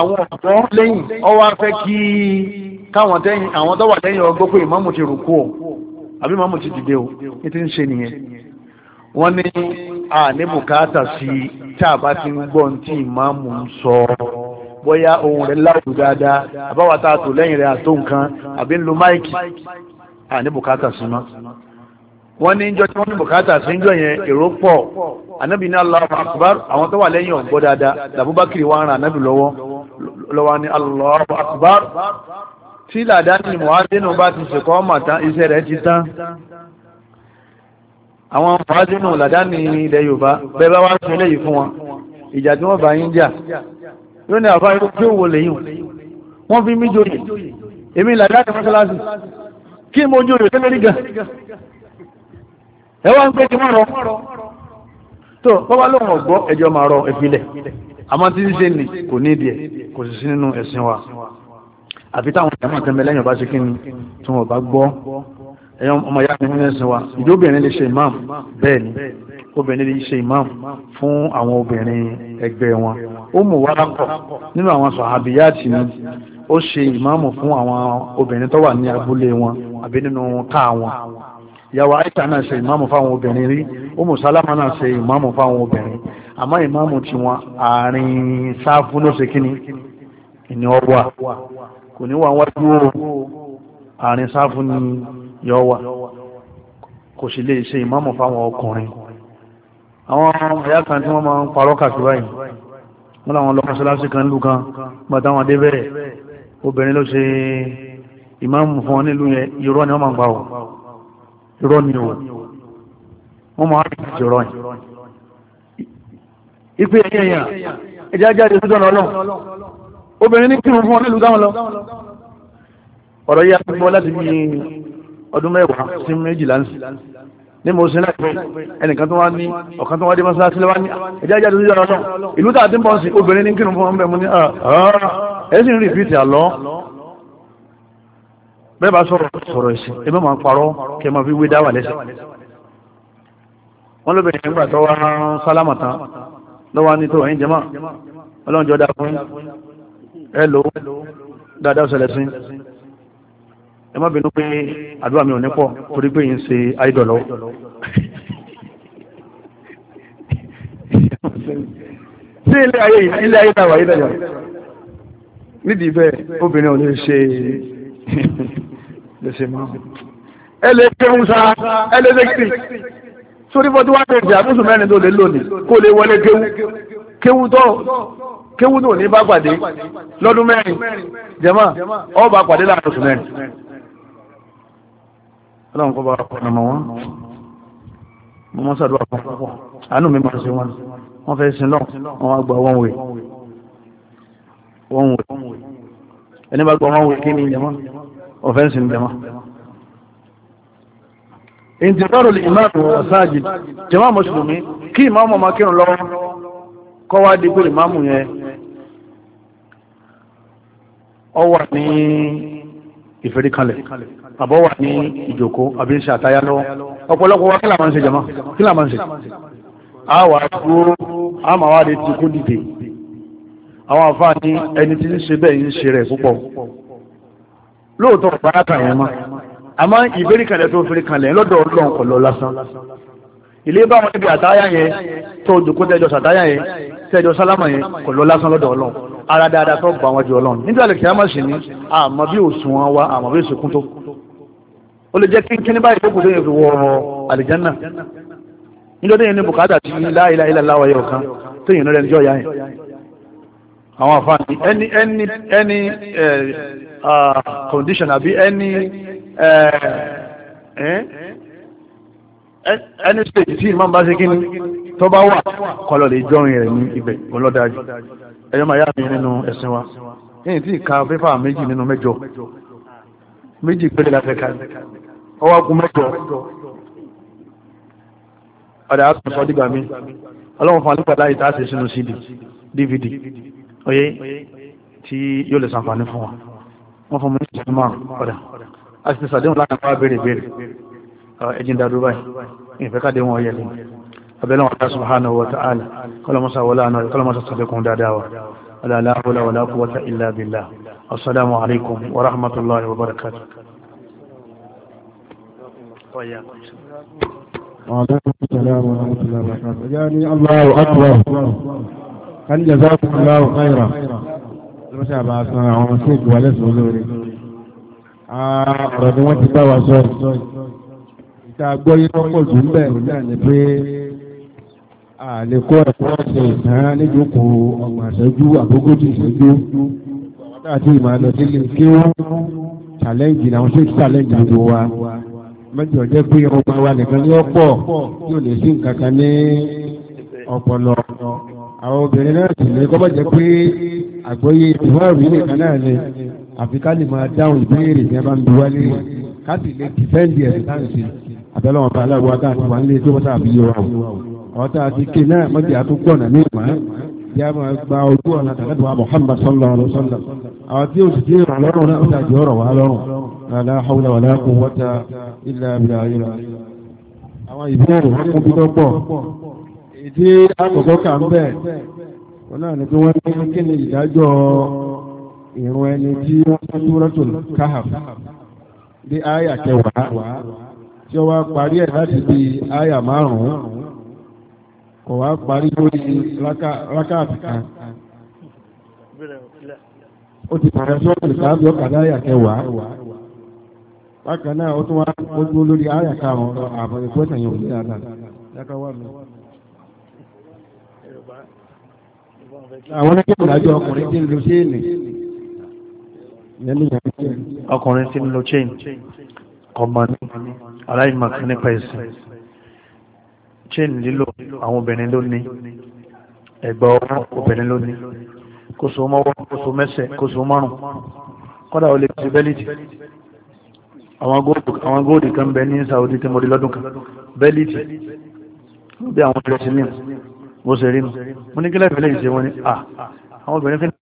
àwọn ọ̀pọ̀ lẹ́yìn ọwọ́ afẹ́ kí káwọn tẹ́yìn àwọn tó wà lẹ́yìn ọgbọ́ pé ìmáàmù ti rùkú o àbí màmú ti dìde o ní ti ń ṣe nìyẹn wọ́n ní a ní bùkátà sí tá a bá ti ń gbọ́ ní tí ìmáàmù ń sọ bóyá ohun rẹ̀ láwùjọ dáadáa àbáwá tá a tò lẹ́yìn rẹ̀ àtó nǹkan àbí ń lo máìkì a ní bùkátà sí mọ́ wọ́n ní jọ tí wọ́n ní bùkátà sí ń jọ yẹn èrò pọ̀ anábì ní Allahu akbar àwọn tó wà lẹ́yìn ọ̀gbọ́ dáadáa làbúbákiri wa ń ran anábì lọ́wọ́ lọ́wọ́ ní Allahu akbar tí làdáni mọ̀hádínù bá ti ṣèkọ́ ọmọ tán iṣẹ́ rẹ̀ ti tán àwọn mọ̀hádínù làdáni ilẹ̀ yorùbá bẹ́ẹ̀ bá wá sọ eléyìí fún wọn ìjà tí wọ́n bá yín jà yóò ní àbá yóò yóò wò lẹ́yìn wọ́n fi mí joyè èmi làdáni mọ́ṣáláṣí kí mo joyè lẹ́lẹ́rí gan ẹ wá ń pé kí wọ́n rọ tó bọ́bá lóun ọ̀gbọ́ ẹjọ́ máa rọ ẹ̀filẹ̀ àmọ́ tí ṣe nì kò ní ìdí ẹ̀ kò sì sí nínú ẹ̀sìn wa àfi táwọn èèyàn máa tẹ́mẹ́ lẹ́yìn ọba ṣe kí ni tí wọ́n bá gbọ́ ẹ̀yàn ọmọ ìyá nínú ẹ̀sìn wa ìdí obìnrin lè ṣe imam bẹ́ẹ̀ ni obìnrin lè ṣe imam fún àwọn obìnrin ẹgbẹ́ wọn ó mú wàrà pọ̀ nínú àwọn sọ̀hábíyàtì ni ó ṣe imam fún àwọn obìnrin tó wà ní abúlé wọn àbí nínú káà wọn ìyàwó àìsà náà ṣe ìmáàmù fáwọn obìnrin rí ọmọ sálámà náà ṣe ìmáàmù fáwọn obìnrin àmọ́ ìmáàmù tiwọn àárín sáfù ló ṣe kíni ìní ọwà kò ní wà wájú o àárín sáfù ni yọ wà kò sì lè ṣe ìmáàmù fáwọn ọkùnrin àwọn ẹ̀yà kan tí wọ́n máa ń parọ́ kàkiri báyìí wọ́n làwọn lọ mọ́ṣáláṣí kan nílùú kan gbàtà wọn dé bẹ̀rẹ̀ obìnrin ló ṣe ìmáàmù fún wọn nílùú yẹn irọ́ ni wọ́n máa ń gbà ọ́ irọ́ ni ò wọ́n máa ń rìn ìrọ̀ yìí ìpè ẹ̀yẹ̀ ẹ̀yà ẹ̀jẹ̀ ajáde obìnrin ní kírun fún ọ nílùú dáwọn lọ ọ̀rọ̀ yìí àti bọ́ láti bí ọdún mẹ́wàá sí méjìlá ń sìn ní mo sin láìpẹ́ ẹnìkan tó wá ní ọ̀kan tó wá dé mọ́sálásí lọ́wọ́ ní ẹjẹ́ ajá tó yọrọ náà ìlú tá a ti ń bọ̀ sí obìnrin ní kírun fún ọmọ ẹ̀mú ní ah, ah. ẹ̀ sì ń rí fìtì àlọ́ bẹ́ẹ̀ bá sọ̀rọ̀ sọ̀rọ̀ ẹ̀sìn ẹ má máa parọ́ kẹ́ máa fi wé dáwà lẹ́sẹ̀ wọ́n lóbìnrin nígbà tó wá sálámà tán lọ́wọ́ ní tó ẹ̀yìn jẹ́mà ọlọ́run jọ dáa fún yín hello dada ṣẹlẹ̀ sí ẹ má bínú pé àdúrà mi ò ní pọ̀ torí pé yìí ń ṣe àìdọ̀lọ́ sí ilé ayé ilé ayé tàwa ilé ayé nídìí bẹ́ẹ̀ obìnrin ò lè ṣe lè ṣe máa ẹ lè kéwù sa ẹ lè ṣe kiri sórí fọ́tí wá bẹ̀rẹ̀ àbúṣù mẹ́rin tó lè lónìí kó lè wọlé kéwù kéwù tó kéwú ní òní bá pàdé lọ́dún mẹ́rin jẹ́mọ́ ọ bá pàdé láàrin oṣù mẹ́rin. ọlọ́run kọ́ bá ọ̀nà mọ̀ wọ́n mo mọ́ sàdúrà fún púpọ̀ àánú mi máa ṣe wọn wọ́n fẹ́ sin lọ́n wọ́n á gba wọ́n wè wọ́n wè ẹni bá gba wọ́n wè kí ni jẹ́mọ́ ọ̀fẹ́ǹsì jẹ́mọ́. ìǹtìkọ́rò lè máa tó ọ̀sáàjì jẹ́mọ́ mùsùlùmí kí ìmáàmù máa kírun lọ́wọ́ kọ́wá dé ọ wà ní ìfẹ́ríkanlẹ̀ àbọ̀ wà ní ìjòkó àbí ń ṣe àtayá lọ́wọ́ ọ̀pọ̀lọpọ̀ wa kí là máa ń ṣe jama kí là máa ń ṣe a wà dúró a máa wá lè ti kú dìde àwọn àfáà ní ẹni tí ń ṣe bẹ́ẹ̀ ń ṣe rẹ̀ púpọ̀ lóòótọ́ ọ̀pá àtàwọn ọmọ àmọ́ ìfẹ́ríkanlẹ̀ tó fẹ́ríkanlẹ̀ lọ́dọ̀ ọlọ́run kọ̀ lọ lásán ilé bá wọn níbi àtayá yẹn tó òjòkó tẹjọ sàtáyà yẹn tẹjọ sálámà yẹn kọ̀ lọ lásán lọ́dọ̀ ọlọ́run ara dáadáa tó bá wọn jù ọlọ́run nígbà lè kíá máa sì ní àmọ́ bí òsùn wọn wá àmọ́ bí òsùn kún tó ó lè jẹ́ kínkín báyìí tó kù tó yẹ fi wọ àlìjánà nítorí yẹn ní bùkátà tí láìla ilà láwa yẹ ọ̀kan tó yẹn lọ́rẹ́ níjọ́ ya yẹn àwọn àfààní ẹni ẹni ẹni condition àbí ẹni ẹni eh, eh, eh, stage tí ìmọ̀ bá ṣe kí ni tó bá wà kọlọ̀ lè jọrin rẹ̀ ní ibẹ̀ ọlọ́dájú ẹ̀yọ́ máa yá mi nínú ẹ̀sìn wa ẹ̀yìn tí ìka pépà méjì nínú mẹ́jọ méjì péré la fẹ́ ka ọwọ́ agun mẹ́jọ ọ̀dà àtúntò sọ dìgbà mi ọlọ́run fún alúpàdá yìí tá a sínú cd dvd oyè tí yóò lè ṣàǹfààní fún wa wọ́n fún mi ní ìṣẹ́jú márùn ọ̀dà a sì ti sàdéhùn láti bá béèrè béèrè ẹ̀jìn dàdúrà yìí ìfẹ́ káde wọn ọ̀yẹ́ lẹ́yìn abẹ́lẹ́ wọn Allah subhanahu wa ta'ala kọ́lọ́mọ́sá wọlé àná kọ́lọ́mọ́sá sàlékún dáadáa wa la hawla wala quwwata illa assalamu alaikum wa rahmatullahi wa barakatuh. ورحمة الله وبركاته يعني الله أكبر هل جزاكم الله خيرا المساء بعد سنة ومسيك ولس ولوري ọ̀rọ̀ ni wọ́n ti bá wa sọ ìta gbọ́ yìí tó jù ń bẹ̀ ní pé àlékọ́ ẹ̀kọ́ ọ̀sẹ̀ ìtàn níjókòó ọgbọ̀n ìṣẹ́jú àgógójì ìṣẹ́jú àwọn àti ìmọ̀lẹ́ tí lè kí wọ́n challenge làwọn ṣe challenge gbogbo wa mẹ́jọ jẹ́ pé ọgbà wa nìkan ní ọ̀pọ̀ tí ò lè sí nǹkan kan ní ọpọlọ àwọn obìnrin náà sì lè kọ́bọ̀ jẹ́ pé àgbọ́yé ìwọ́ọ̀rí nìkan náà ni àfi ká lè máa dáhùn ìbéèrè ní ẹbá ń bi wálé ká sì lè dìfẹ́ǹdì ẹ̀sìn táǹsì àbẹ́lọ́wọ̀n bá aláwọ̀ adáàtì wà nílé tó bọ́tà àbíyẹ wa àwọn tá a ti ké náà mọ̀jì àtúgbọ̀ nà ní ìmọ̀ bí máa gba ojú ọ̀nà tàbí wa Muhammad sallallahu alaihi wasallam àwọn tí o sì ti rà lọ́rùn náà ó ta jẹ́ ọ̀rọ̀ wa lọ́rùn la hawla wala quwwata illa billahi àwọn ìbéèrè wọn kún bí lọ́pọ̀ ìdí àkọ́kọ́ kà ń bẹ̀ wọn náà ní pé wọ́n ní kí ni ìdájọ́ ìrún ẹni tí wọ́n fún Suratul Kahf bí áyà kẹwàá tí wọ́n wá parí ẹ̀ láti bí áyà márùn-ún kò wá parí lórí rákàtì ó ti bẹ̀rẹ̀ sọ́ọ̀tì sáábì ọ̀kadà àyà kẹwàá bákan náà ó tún wá gbogbo lórí àyà karùn-ún lọ àbọ̀dé pẹ́sà ní dáadáa àwọn ẹgbẹ́ ìdájọ́ ọkùnrin tí ń lo chain ọkùnrin tí ń lo chain ọmọ ní aláìmọ̀kan nípa ẹ̀sìn. chain lílo àwọn obìnrin ló ní ẹ̀gbà ọwọ́ obìnrin ló ní kóso mọ́wọ́ kóso mẹ́sẹ̀ kóso márùn kọ́dà ó lè fi bẹ́lìtì àwọn góòdì kan bẹ ní Saudi tí mo di lọ́dún kan bẹ́lìtì bí àwọn ọ̀rẹ́sìn ní mo ṣe rí nu mo ní kílẹ̀ ìfẹ́lẹ́ ìṣe wọn ni àwọn obìnrin fi